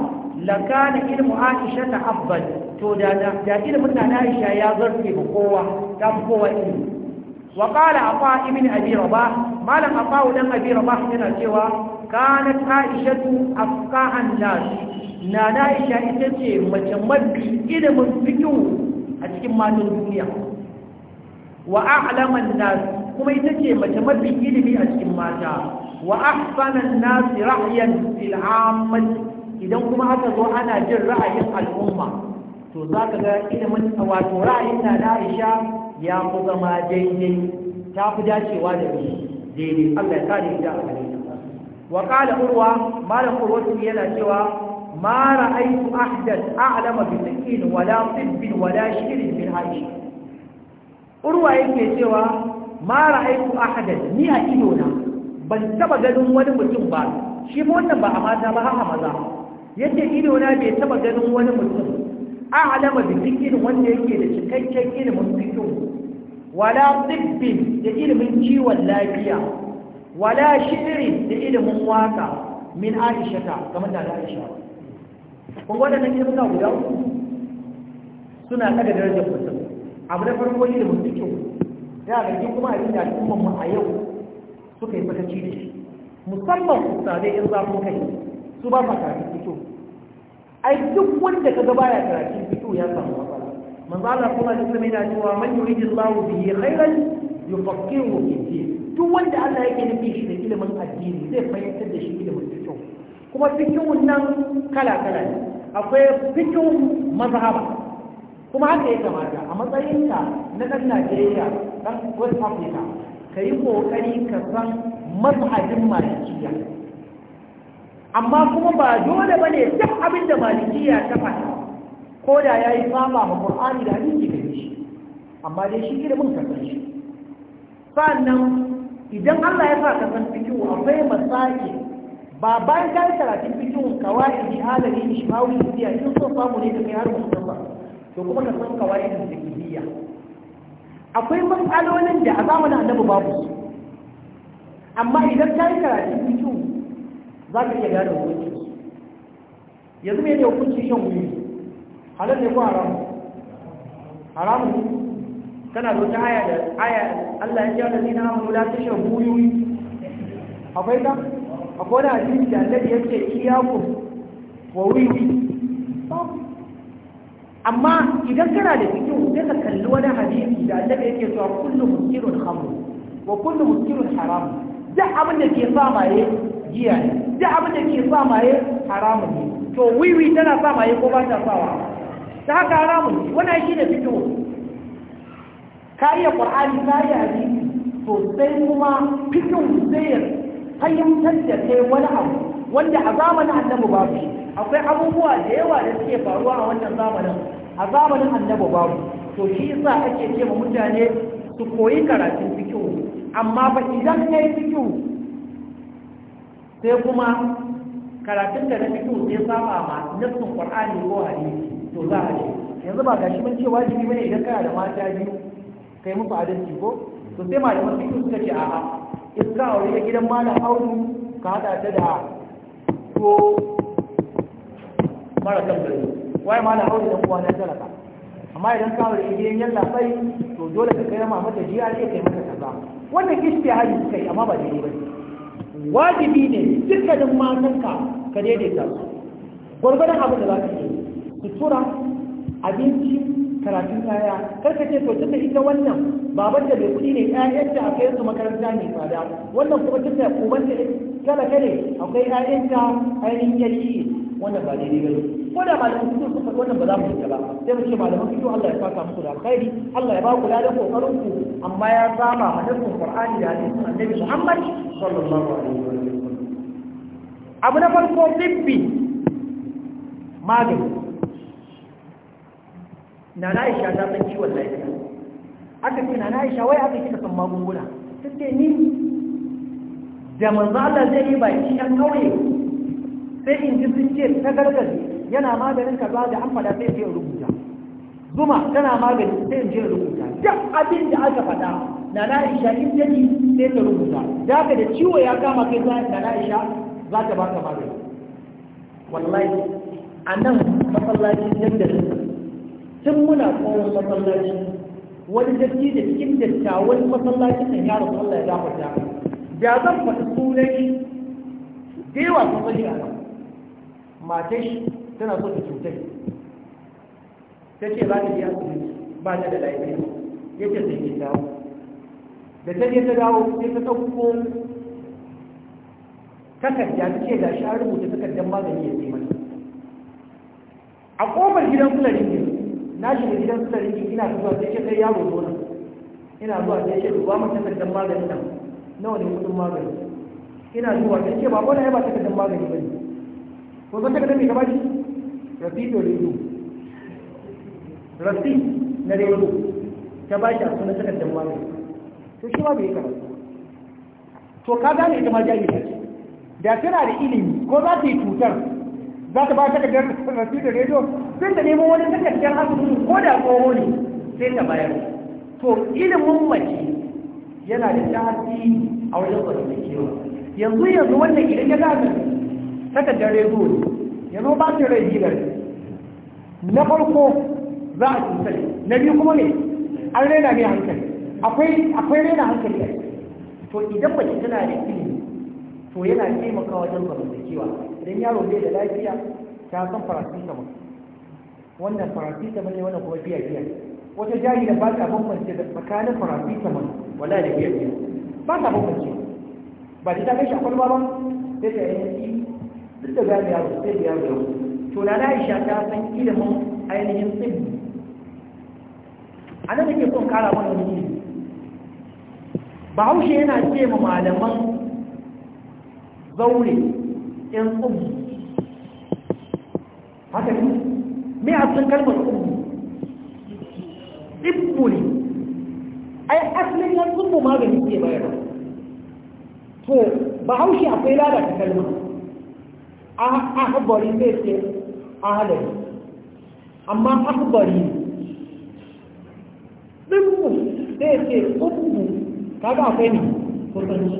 lakana ilmu aisha ta abbal to da da ilimin na na aisha ya zarke ba kowa ta fi kowa ilimi wa qala afa ibn abi rabah malam afa dan abi rabah yana cewa kanat aisha afqahan nas na na aisha ita ce mace mafi ilimin fiqh a cikin matan duniya wa a'laman nas kuma ita ce mace mafi ilimi a cikin mata wa ahsanan nas ra'yan fil idan kuma aka zo ana jin ra'ayin al'umma to za ka ga ilimin wato ra'ayin na Aisha ya fi zama daidai ta fi dacewa da daidai Allah ya kare ita a gare wa qala urwa malam urwa yana cewa ما رأيت أحدا أعلم بسكين ولا طب ولا شير من عائشة urwa yake cewa ma ra'aytu ahadan ni a ido na ban taba ganin wani mutum ba shi wannan ba a mata ba haka maza Yadda ido na bai taba ganin wani mutum a alama da cikin wanda yake da cikakken ilimin fiqh wala tibbin da ilimin ciwon lafiya wala shirin da ilimin waka min aishata ta kamar da aisha kun gwada nan ilimin guda uku suna daga darajar mutum abu na farko shi da mutu kyau ya ga kuma a da al'ummar mu a yau suka yi sakaci da shi musamman ustadai in zafin kai su ba sa fito ai duk wanda ka gaba ya karatun fito ya samu matsala manzala Allah kuma ya tsame da cewa man yuridu Allahu bihi khairan yufaqihu fi din duk wanda Allah yake nufi shi da ilimin addini zai fahimtar da shi ilimin fito kuma fikin nan kala kala ne akwai fikin mazhaba kuma haka ya kamata a matsayinka na ɗan najeriya ɗan west africa ka yi ƙoƙari ka san malikiya amma kuma ba dole ba ne duk abin da malikiya ta fata ko da ya yi fama ma ƙur'ani da hadisi da shi amma dai shi da mun san shi sannan idan Allah ya sa ka san fikihu akwai masaki ba bayan ka yi karatun a kawai ji alali ishmawi biya in so samu ne ka kai har musamman to kuma ka san kawaidin fiqhiyya akwai matsalolin da a zamanin annabi babu su amma idan ta yi karatun fiqhu za ka iya gane hukunci yanzu zama yadda hukunci shan wuyi halar ne ko haramu. haramu tana da wata aya da aya Allah ya da zina ladina amanu la shan wuyi akwai ta akwai wani hadisi da annabi yake ku wa wuyi babu amma idan kana da fikihu sai ka kalli wani hadisi da annabi yake cewa kullu muskirun khamr wa kullu muskirun haram duk abin da ke sa maye giya ne duk abin da ke sa maye haramun ne to wiwi tana sa maye ko ba ta sawa ta haka haramun ne wannan shi da fikihu ka iya qur'ani ka iya hadisi to sai kuma fikihu sai ya fahimtar da kai wani abu wanda a zamanin annabi babu akwai abubuwa da yawa da suke faruwa a wannan zamanin a zamanin annabi babu to shi yasa ake ce ma mutane su koyi karatun fikihu amma ba idan kai fikihu sai kuma karatun da na fikihu sai saba ma nassin qur'ani ko hadisi to za a ce yanzu ba gashi mun ce wajibi bane idan kana da mata biyu kai musu adalci ko to sai malaman fikihu suka ce a'a in ka aure gidan malam audu ka hada ta da ko mara kan gari waye ma da aure da kuwa na talaka amma idan ka aure idan yalla sai to dole ka kai ma mata jiya ne kai mata kaza wannan ishtihadi suka yi amma ba daidai ba wajibi ne dukkanin matanka ka daidaita su gwargwadon abin da za ka yi sutura abinci karatun yaya karka ce to tunda ita wannan baban da bai kuɗi ne ƴaƴanta a kai su makaranta ne tsada wannan kuma tunda uban da talaka ne akwai ƴaƴanta ainihin yalci wannan ba daidai ba ne ko da malaman fito suka wannan ba za mu shiga ba sai mu ce malaman fito Allah ya saka muku da alkhairi Allah ya ba ku ladan kokarin ku amma ya saba hadisin Qur'ani da hadisin Annabi Muhammad sallallahu alaihi wa sallam abu na farko tibbi magani na Aisha ta san ciwon lafiya aka ce na Aisha wai aka kika san magunguna sai ni da manzo Allah zai yi baki an kauye sai in ji sun ce ta gargaje yana maganin kaza da an faɗa sai in rubuta zuma tana maganin sai in je rubuta duk abin da aka faɗa na na isha in jadi sai ta rubuta da haka da ciwo ya kama kai za na na isha za ta baka magani wallahi a nan masallacin yadda tun muna tsohon masallaci wani datti da cikin dattawan masallacin nan yaro Allah ya gafarta da zan faɗi sunan da yawa sun sani a nan matar shi tana so ta ne. ta ce ba ta biya su ba ta da laifin ya ce sai ke dawo da ta je ta dawo sai ta ɗauko takarda ta ce ga shi an rubuta takardar magani ya ce mata a ƙofar gidan fulani ne na shiga gidan fulani ne ina zuwa sai ce kai yaro zo nan ina zuwa sai ce duba mata takardar magani nan nawa ne kudin magani ina zuwa sai ce ba ko na yaba takardar magani ba ne ko zan takardar mai shi. rafi da redo rafi na redo ta ba shi a suna takardar magani to shi ma bai karatu to ka gane ita ma jahila ce da tana da ilimi ko za ta yi cutar za ta ba da rafi da redo sun da neman wani takardar asibiti ko da tsoho ne sai ta bayar to ilimin mace yana da tasiri a wajen kwanci kewa yanzu yanzu wannan idan ya gane takardar redo ne ya ba bacin rai gidan na farko za a cuta na biyu kuma ne an raina ne hankali akwai raina hankali ne to idan mace tana da ilimi to yana taimakawa wajen zamantakewa idan yaro bai da lafiya ta san paracetamol wannan paracetamol ne wannan kuma biya biya wata jari da ba ta bambance da tsakanin paracetamol wala da biya biya ba ta bambance ba ta kai shi akwai ba sai ta yi duk da gane ya sai da ya gaba to na na sha ta san ilimin ainihin tsibbi a nan ke son kara mana wani bahaushe yana ce ma malaman zaure yan tsibbi haka ne me a kalmar tsibbi tsibbi ne ai asalin yan tsibbi magani ke bayar. to bahaushe akwai lalata kalmar ahbari ah, zai ce ahalari amma ahbari ɗinmu zai ce ta ga kai ne kusanci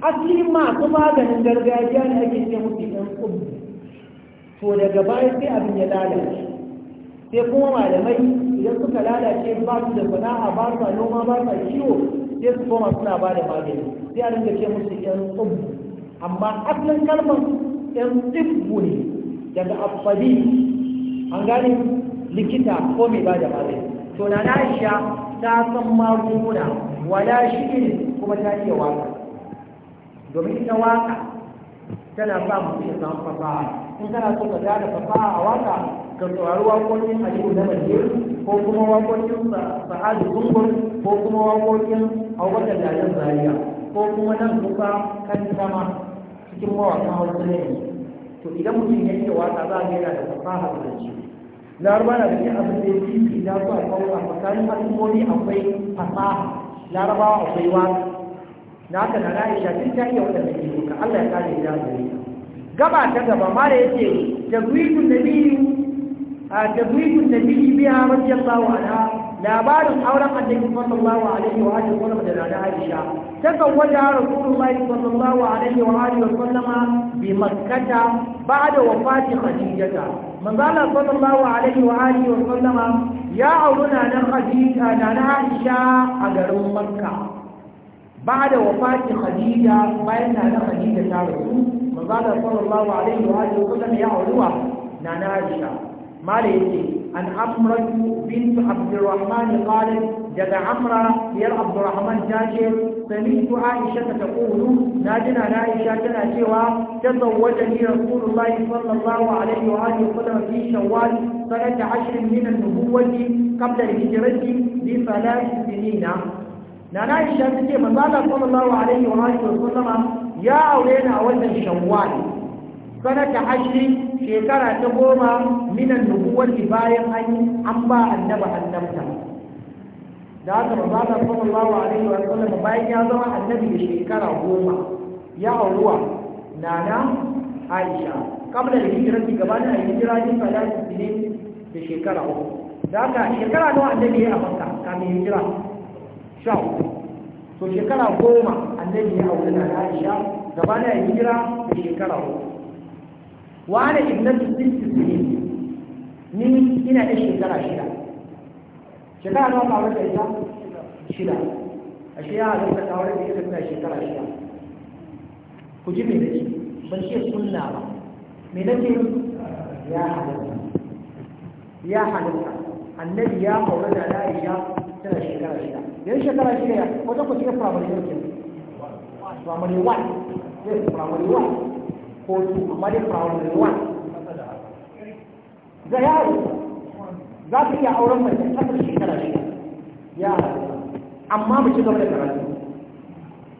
asali masu maganin gargajiya ne ake ce mutu ɗan ƙungu to daga baya sai abin ya lalace sai kuma malamai idan suka lalace ba su da a ba a noma ba a kiwo sai su koma suna ba da magani sai a rinka ce mutu ɗan ƙungu amma asalin kalmar ɗan tsibbu ne daga afali an gani likita ko mai ba da magani to na aisha ta san magunguna wala ne kuma ta iya waka domin ita waka tana ba mu ya in kana so ka tada fasaha a waka ka saurari waƙoƙin aliyu na mandir ko kuma waƙoƙin sa'adu zungur ko kuma waƙoƙin wajen zariya ko kuma nan kuka kan sama cikin mawaƙa hausa ne to idan mutum ya ke wata za a gina da fasaha da shi laraba na da ke abin da ya fi da su a kawo a tsakanin al'ummomi akwai fasaha larabawa akwai waka na haka na na'isha duk ta iya wadda take ka allah ya kare ya gare gaba ta gaba ma da ce da nabiyyu a tazwidun nabiyyu biya radiyallahu labarin auren annabi sallallahu alaihi wa alihi wa sallam da nana Aisha Ta takan waja Rasulullahi sallallahu alaihi wa alihi wa sallama bi Makkata ba'da wafati Khadijata manzala sallallahu alaihi wa alihi wa sallama ya auri nana Khadija na Aisha a garin Makka ba'da wafati Khadija bayan nana Khadija ta rasu manzala sallallahu alaihi wa alihi wa sallama ya auri wa na Aisha mala yake عن عمرة بنت عبد الرحمن قالت جد عمرة يا عبد الرحمن تاجر سمعت عائشة تقول ناجنا عائشة تنا سوى تزوجني رسول الله صلى الله عليه وآله وسلم في شوال سنة عشر من النبوة قبل الهجرة بثلاث سنين na na isha ta ce manzala sallallahu alaihi wa alihi wa sallama ya aure ni a wannan shawwal sanata ashri shekara ta goma minan nubuwati bayan an an ba annaba annabta da haka ba za sallallahu alaihi wa sallam bayan ya zama annabi da shekara goma ya auruwa nana aisha kamar da hijirarki gabanin a hijira yin salatu sinin da shekara uku da haka shekara nawa annabi ya abanka kamin hijira sha to shekara goma annabi ya auri Nana aisha gabanin a hijira da shekara uku wa ana ibnatu sitti sinin ni ina da shekara shida shekara nawa ba wata ita shida a shi ya halatta ta wani da ita tana shekara shida ku ji mai nake ban ce sunna ba Mai nake ya halatta ya halatta annabi ya kaura da la'isha tana shekara shida yan shekara shida ya, wata ku ce primary yau ke primary one yes primary one ko su amma dai primary one ga yaro za ka iya auren mai kasar shekara shi ya amma mu ci gaba da karatu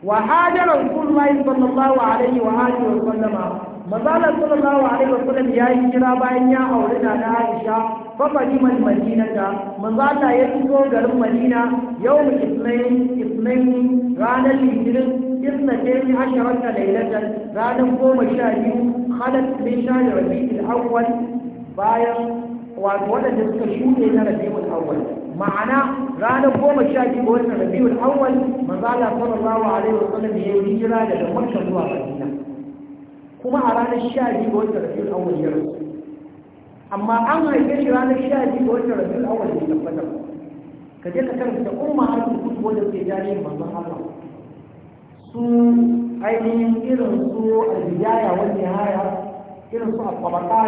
wa hajaran kullahi sallallahu alaihi wa alihi wa sallama mazalar sallallahu alaihi wa sallam ya yi kira bayan ya aure na da Aisha fa qadima al-Madina ta mazala ya fito garin Madina yawm isnain isnain ranar litinin إذن كان عشرة ليلة بعد قوم الشاهد خلت بشان ربيع الأول بايم وولد الكشوف إلى ربيع الأول معنى رانا قوم الشاهد بولد ربيع الأول من صلى الله عليه وسلم هي الهجرة لمكة المدينة كما رانا الشاهد بولد ربيع الأول يرسل أما أنا يجري رانا الشاهد بولد ربيع الأول يتفتر كذلك كانت أمها تقول ولد تجاري من su ainihin irin su a albiyaya wani haya irin su a kwabata,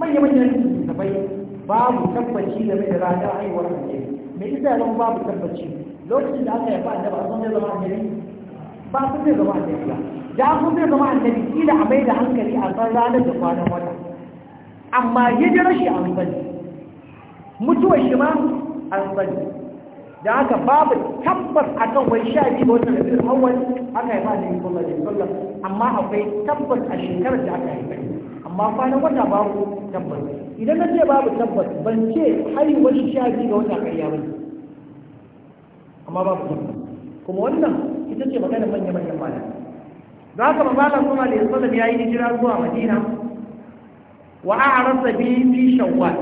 manya-manyan littattafai babu tabbaci game da ranar haihuwar annabi mai ita yawan babu tabbaci lokacin da aka yafa annabi a sun zai zama annabi ba sun zai zama annabi ba da sun zai zama annabi kila a mai da hankali a san ranar da kwanan wata amma ya ji rashi an sani mutuwar shi ma an sani da aka babu tabbas a kan wani sha biyu da wannan rabiul awwal aka yi da yin kuma da sallah amma akwai tabbas a shekarar da aka haifa amma kwanan wata babu tabbas idan na ce babu tabbas ban ce har wani sha biyu ga wata karya ba amma babu tabbas kuma wannan ita ce magana manya manyan bala Da aka mamala kuma da sallam ya yi hijira zuwa madina wa a'arasa bi fi shawwal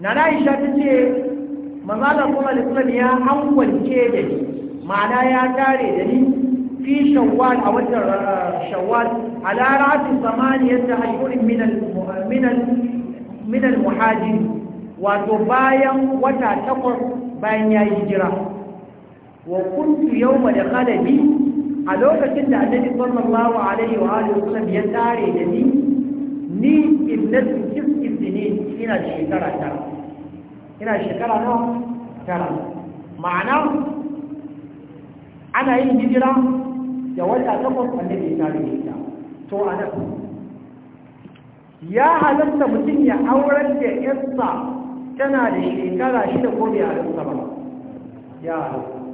na na isha ta ce manzala kuma islam ya hankwance da ni ma'ana ya tare da ni fi shawwal a watan eh, shawwal a larafin samaniyat tahayyin min minal min wato bayan wata takwas bayan ya hijira wa kuntu yau da kalabi a lokacin da annabi sallallahu alaihi wa alihi wasallam ya tare da ni ni ibnatu kisbin ne ina shekara tara ina shekara nawa tara ma'ana ana yin hijira da wata takwas annabi ya tare da ita. to a nan ya halatta mutum ya auren da yarsa tana da shekara shida ko bai halatta ba ya halatta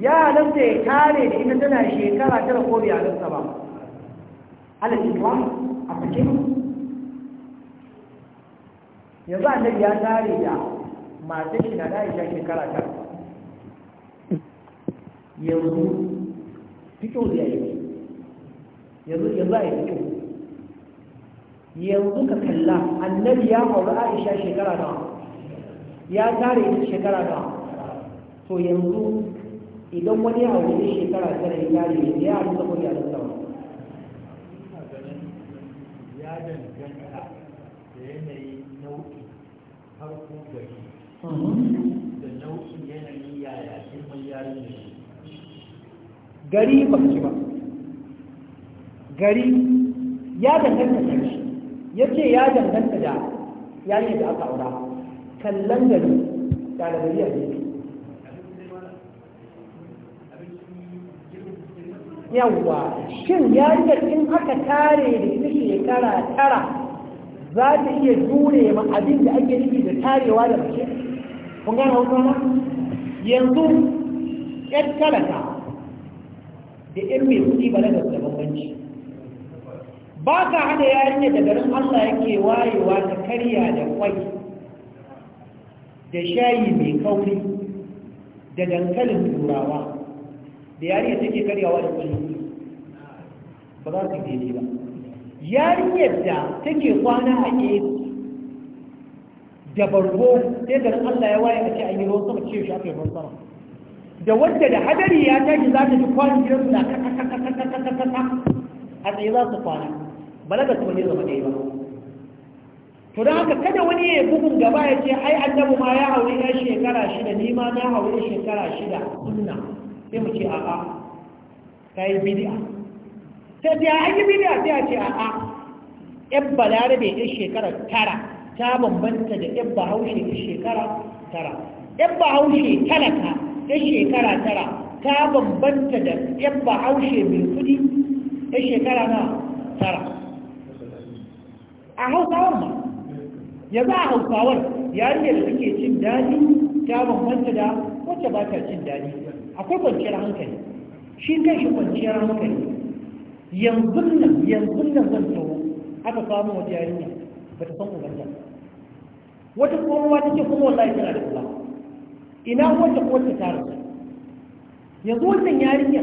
ya halatta ya tare da ita tana shekara tara ko bai halatta ba halatta ba a cikin yanzu annabi ya tare da masu shi na da aisha shekara ta yanzu fito da yake yanzu yanzu a yi fito yanzu ka kalla annabi ya auri aisha shekara nawa ya tare da shekara nawa to yanzu idan wani ya hauri da shekara tara ya tare da ya yi da kuri ya da ya danganta da yanayi nau'i farko gari da nau'in yanayi yaya girman yarinya gari ba su ba gari ya danganta da shi ya ce ya danganta da yarinya da aka aura kallon gari da da gari a gefe yawwa shin yarinyar in aka tare da ita shekara tara za ta iya jure ma abin da ake nufi da tarewa da mace kun gane wata ma? yanzu ƴan talaka da ƴan mai kuɗi ba na da bambanci ba ka hana yarinya da garin allah yake wayewa ta karya da kwai da shayi mai kauri da dankalin turawa da yarinya take karyawa da kwai ba za su daidai ba yarinyar da take kwana a ke da bargo sai da Allah ya waye a ce an yi ruwan sama ce shi aka yi ruwan da wanda da hadari ya tashi za ta ji kwanan gidansu na kakakakakakakaka a tsaye za su kwana balaga su wani zama ɗaya ba to don haka kada wani ya bugun gaba ya ce ai annabi ma ya haure ya shekara shida ni ma na haure shekara shida sunna sai mu ce a'a ka bid'a sai ta an yi bidiya a ce a a yan balarabe yan shekara tara ta bambanta da yan bahaushe yan shekara tara yan bahaushe talaka ta shekara tara ta bambanta da yan bahaushe mai kudi ta shekara na tara a hausawar ma ya za a hausawar yariyar da suke cin daji ta bambanta da wacce ba ta cin daji akwai kwanciyar hankali shi kai shi kwanciyar hankali yanzu nan yanzu nan zan tsoro aka samu wata yarinya ba ta san ubanta wata komowa take kuma wallahi tana da kula ina wata wata ta rasu yanzu wannan yarinya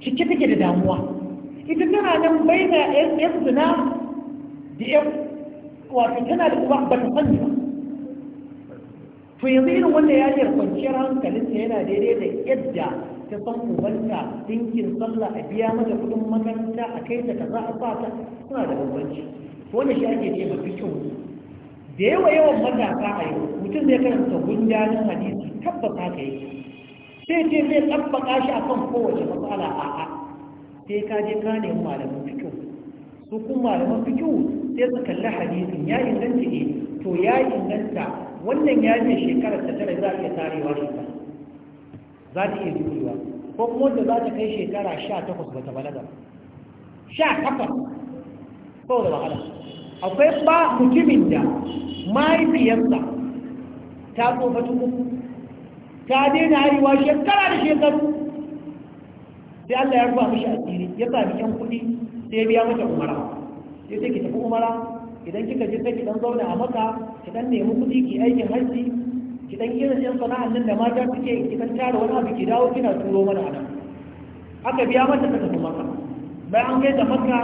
cike take da damuwa ita tana nan bai na yan zina da yan wato tana da uba ba ta sani ba to yanzu irin wannan yarinyar kwanciyar hankalinta yana daidai da yadda ta san ubanta dinkin sallah a biya mata kudin makaranta a kai ta kaza a sa suna da bambanci wanda shi ake ce mafi kyau da yawa yawan matasa a yau mutum zai karanta gundarin hadisi tabbas haka yi. sai ce zai tabbaka shi a kan kowace matsala a'a sai ka je ka nemi malamin fikihu su kuma malaman fikihu sai su kalli hadisin ya inganta ne eh, to ya inganta wannan ya ce shekarar ta tara za a iya tarewa shekara za ta iya jurewa ko kuma wanda za ta kai shekara sha takwas ba ta balaga sha takwas ko da wahala akwai ba mutumin da mahaifiyarsa ta tsofa tuku ta daina haihuwa shekara da shekaru sai Allah ya rufa mishi asiri ya sami yan kuɗi sai ya biya mata umara sai sai ki tafi umara idan kika je sai ki dan zauna a maka ki dan nemi kuɗi ki aikin hajji ki dan gina sai sana'an nan da mata suke ki dan tara wani abu ki dawo kina turo mana anan aka biya mata ta tafi maka bayan an kai ta maka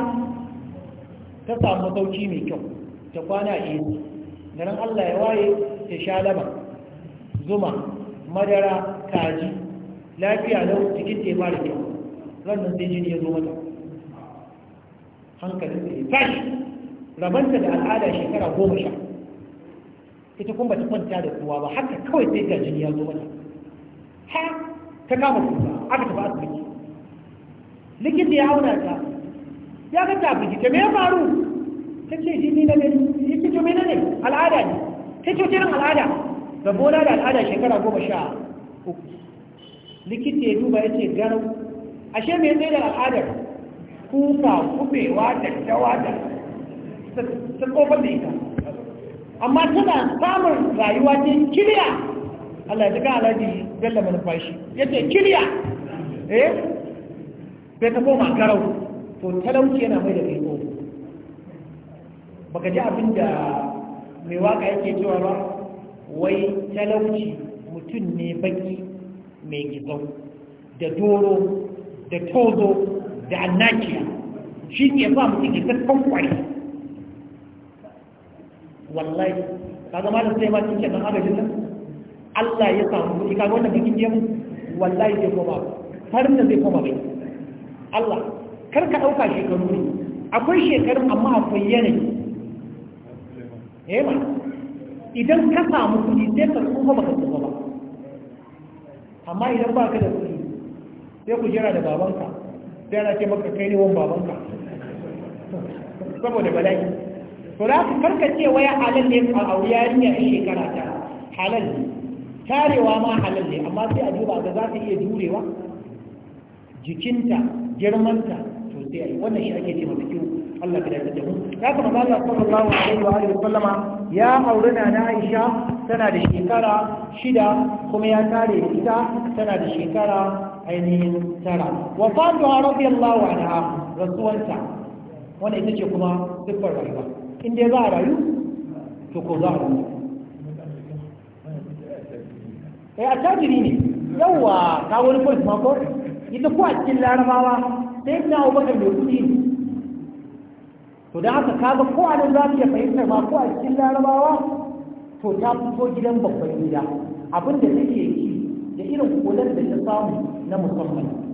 ta samu sauki mai kyau ta kwana a yi garin Allah ya waye ta sha laba zuma madara kaji lafiya lau cikin tema da kyau rannan sai jini ya zo mata hankalin sai fashi. rabanta da al'ada shekara goma sha ita kuma ta kwanta da kowa ba haka kawai sai ga jini ya zo mata ha ta kama kuka aka tafi asibiti likita ya auna ta ya ga ta biki me ya faru ta ce jini na ne yake na ne al'ada ne ta ce irin al'ada da bola da al'ada shekara goma sha uku likita ya duba ya ce garau ashe me zai da al'adar kuka kubewa da dawa da ta kofar da ita amma tana samun rayuwa ce kiliya Allah ya ga alaji dalla manufashi ce kiliya eh bai ta koma karau to talauci yana mai da kai baka ji abin da mai waka yake cewa ba wai talauci mutum ne baki mai gizau da doro da tozo da annakiya shi ke ba mutum sassan kwari wallahi kaga malam sai ma cikin nan agajin nan Allah ya samu kuɗi kaga wannan bakin jiya wallahi zai koma farin da zai koma bai Allah kar ka ɗauka shekaru ne akwai shekarun amma akwai yanayi eh ma idan ka samu kuɗi sai ka tsufa ka tsufa ba amma idan ba ka da kuɗi sai ku jira da babanka sai ana ce maka kai ne wani babanka saboda bala'i to za ku karkace waya halal ne a auri yarinya a shekara halal ne tarewa ma halal ne amma sai a duba ga za ta iya jurewa jikinta girmanta to sai a yi wannan shi ake ce mata kiwo Allah ka dace da mu ya kuma Allah sallallahu alaihi wa alihi sallama ya aure na na Aisha tana da shekara shida kuma ya tare da ita tana da shekara ainihin tara wa fatuha radiyallahu anha rasuwanta wannan ita ce kuma siffar rayuwa Inda ya za a rayu to ko za a rayu eh a tajiri ne yawa ta wani kwanci mako ita ko a cikin larabawa sai na abubakar mai kuɗi ne to da haka kaga ko a nan za ka iya fahimtar ma ko a cikin larabawa to ta fito gidan babban gida abin da take yi da irin kulan da ta samu na musamman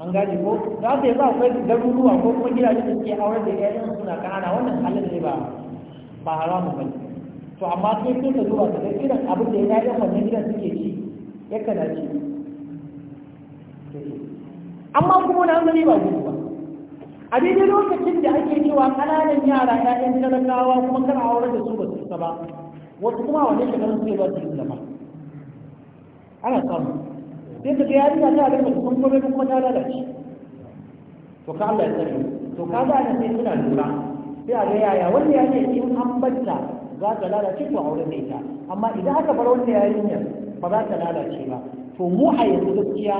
an gaji ko da haka kai akwai garuruwa ko kuma gidaje da suke auren da ƴaƴan suna kanana wannan halin ne ba ba haramu ba to amma sai sai ta zuwa ka ga irin abin da yayin wannan gidan suke ci ya kana ci amma kuma na gani ba gudu ba a daidai lokacin da ake cewa kananan yara ƴaƴan talakawa kuma kana auren da su ba su ba wasu kuma wannan shekaru sai ba su yi zama ana samu sai ka ya yarinya ta rinka tukun kome kuma ta lalace to ka Allah ya tsare to ka ga sai suna lura sai a ga yaya wanda ya ce in an batta za ta lalace ta aure da amma idan aka bar wanda ya yarinya ba za ta lalace ba to mu a yanzu gaskiya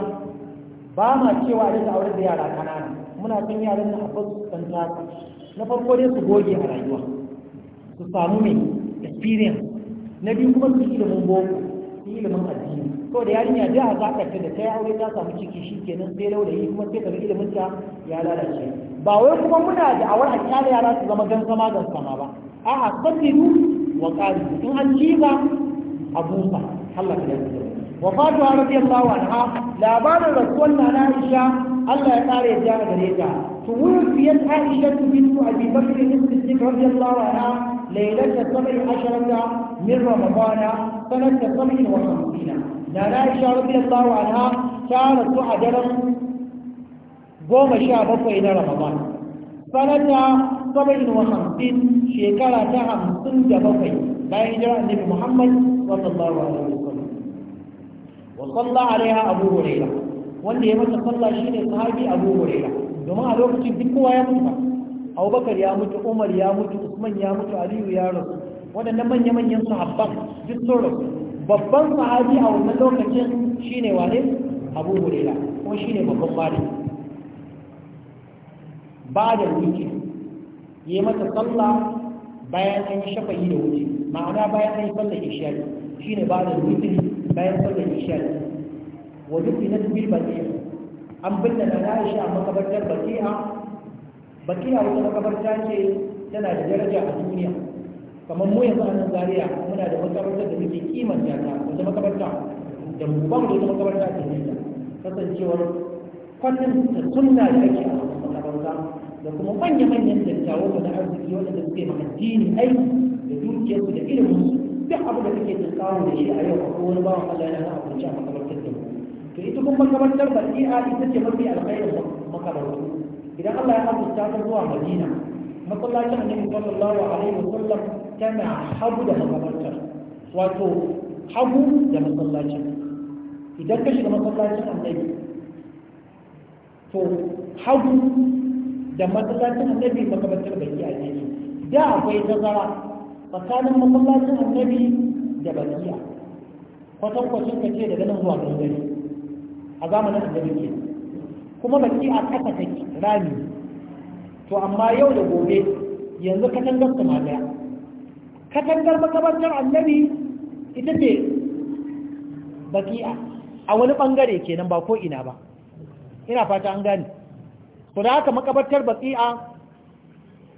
ba ma cewa a da aure da yara kanana muna son yaran nan a fasu na farko dai su goge a rayuwa su samu mai experience na biyu kuma su ilimin boko ilimin addini ko da yarinya da hazaka ta da ta yi aure ta samu ciki shi kenan sai laulayi kuma sai ka ilimin ta ya lalace ba wai kuma muna da awar hakka yara su zama gan sama gan sama ba a'a sabiru wa qari in an jiba abusa Allah ya yarda wa fatu radiyallahu anha labarin rasuwan na Aisha Allah ya kare ta gare ta tuwfiyat Aisha bint Abi Bakr as-Siddiq radiyallahu anha laylata 17 min Ramadan sanata 57 na na isha radiyallahu anha ta rasu a daren goma sha bakwai na ramadan sanata saba'in wa hamsin shekara ta hamsin da bakwai bayan hijira annabi muhammad sallallahu alaihi wasallam wa salla alaiha abu huraira wanda ya mata sallah shine sahabi abu huraira domin a lokacin duk kowa ya mutu abubakar ya mutu umar ya mutu usman ya mutu aliyu ya rasu waɗannan manya-manyan sahabban duk sun rasu babban sahabi a wannan lokacin shine wane abu hurera ko shine babban malami ba da wuce yi mata sallah bayan an yi shafayi da wuce ma'ana bayan an yi sallar ishari shine ba da wuce bayan sallar ishari wa duk na ba baqiya an binne na Aisha a makabartar bakiya bakiya wata makabarta ce tana da daraja a duniya kamar mu yanzu a nan zaria muna da makabarta da muke kimanta ta wata makabarta da mu ba mu da wata makabarta ta kasancewar fannin da sunna da ake a makabarta da kuma manya-manyan dattawa da arziki da suke addini aiki da dukiyarsu da ilimin duk abu da suke da da shi a yau ko wani bawan Allah yana a kunci a makabartar da to ita kuma makabartar badi'a ita ce mafi alkhairin makabartu idan Allah ya azurta ta zuwa Madina masallacin annabi sallallahu alaihi wasallam tana hagu da masallacin wato hagu da masallacin idan ka shiga masallacin annabi to hagu da masallacin annabi makabartar bai yi aiki da akwai tazara tsakanin masallacin annabi da bakiya kwatankwacin ka ce daga nan zuwa gangare a zamanin annabi ke kuma baki a kasa take rami to amma yau da gobe yanzu katangar su ma Ka katangar makabartar annabi ita ce baki'a a wani bangare kenan ba ko ina ba ina fata an gane to da haka makabartar baki'a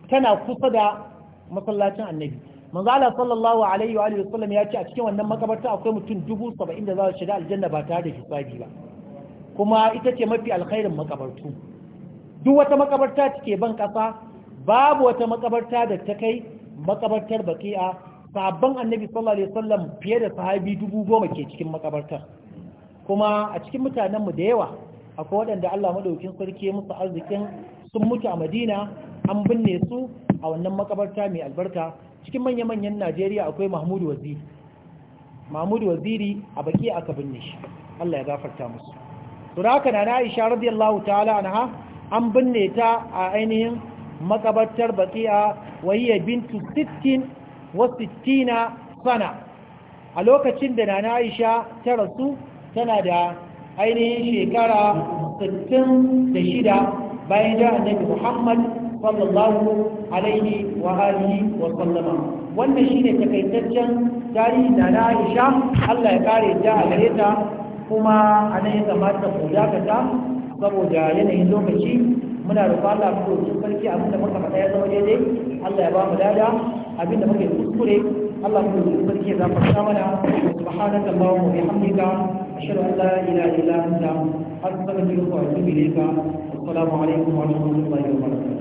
tana kusa da masallacin annabi manzo Allah sallallahu alaihi wa alihi wasallam ya ce a cikin wannan makabarta akwai mutum dubu saba'in da za su shiga aljanna ba tare da hisabi ba kuma ita ce mafi alkhairin makabartu duk wata makabarta cike ban kasa babu wata makabarta da ta kai makabartar baki'a sabon annabi sallallahu alaihi wasallam fiye da sahabi dubu goma ke cikin makabartar kuma a cikin mutanenmu da yawa akwai waɗanda Allah madaukin sarki musu arzikin sun mutu a Madina an binne su a wannan makabarta mai albarka cikin manya-manyan Najeriya akwai Mahmud Waziri Mahmud Waziri a baki aka binne shi Allah ya gafarta musu to haka na Aisha radiyallahu ta'ala anha an binne ta a ainihin makabartar baki'a wahiyar bintu 60 wa 60 sana a lokacin da nana aisha ta rasu tana da ainihin shekara 66 bayan da annabi muhammad sallallahu alaihi wa alihi wa sallama wannan shine takaitaccen tarihi da na Aisha Allah ya kare ta a gare ta kuma nan ya kamata ku dakata saboda yanayin lokaci muna roƙon Allah mu su sarki abinda muka faɗa ya zama daidai Allah ya ba mu dada abinda muka yi kuskure Allah mu roƙi sarki ya zafarta mana subhanaka allahumma wa bihamdika ashhadu an la ilaha illa anta astaghfiruka wa atubu ilayka assalamu alaikum wa rahmatullahi wa barakatuh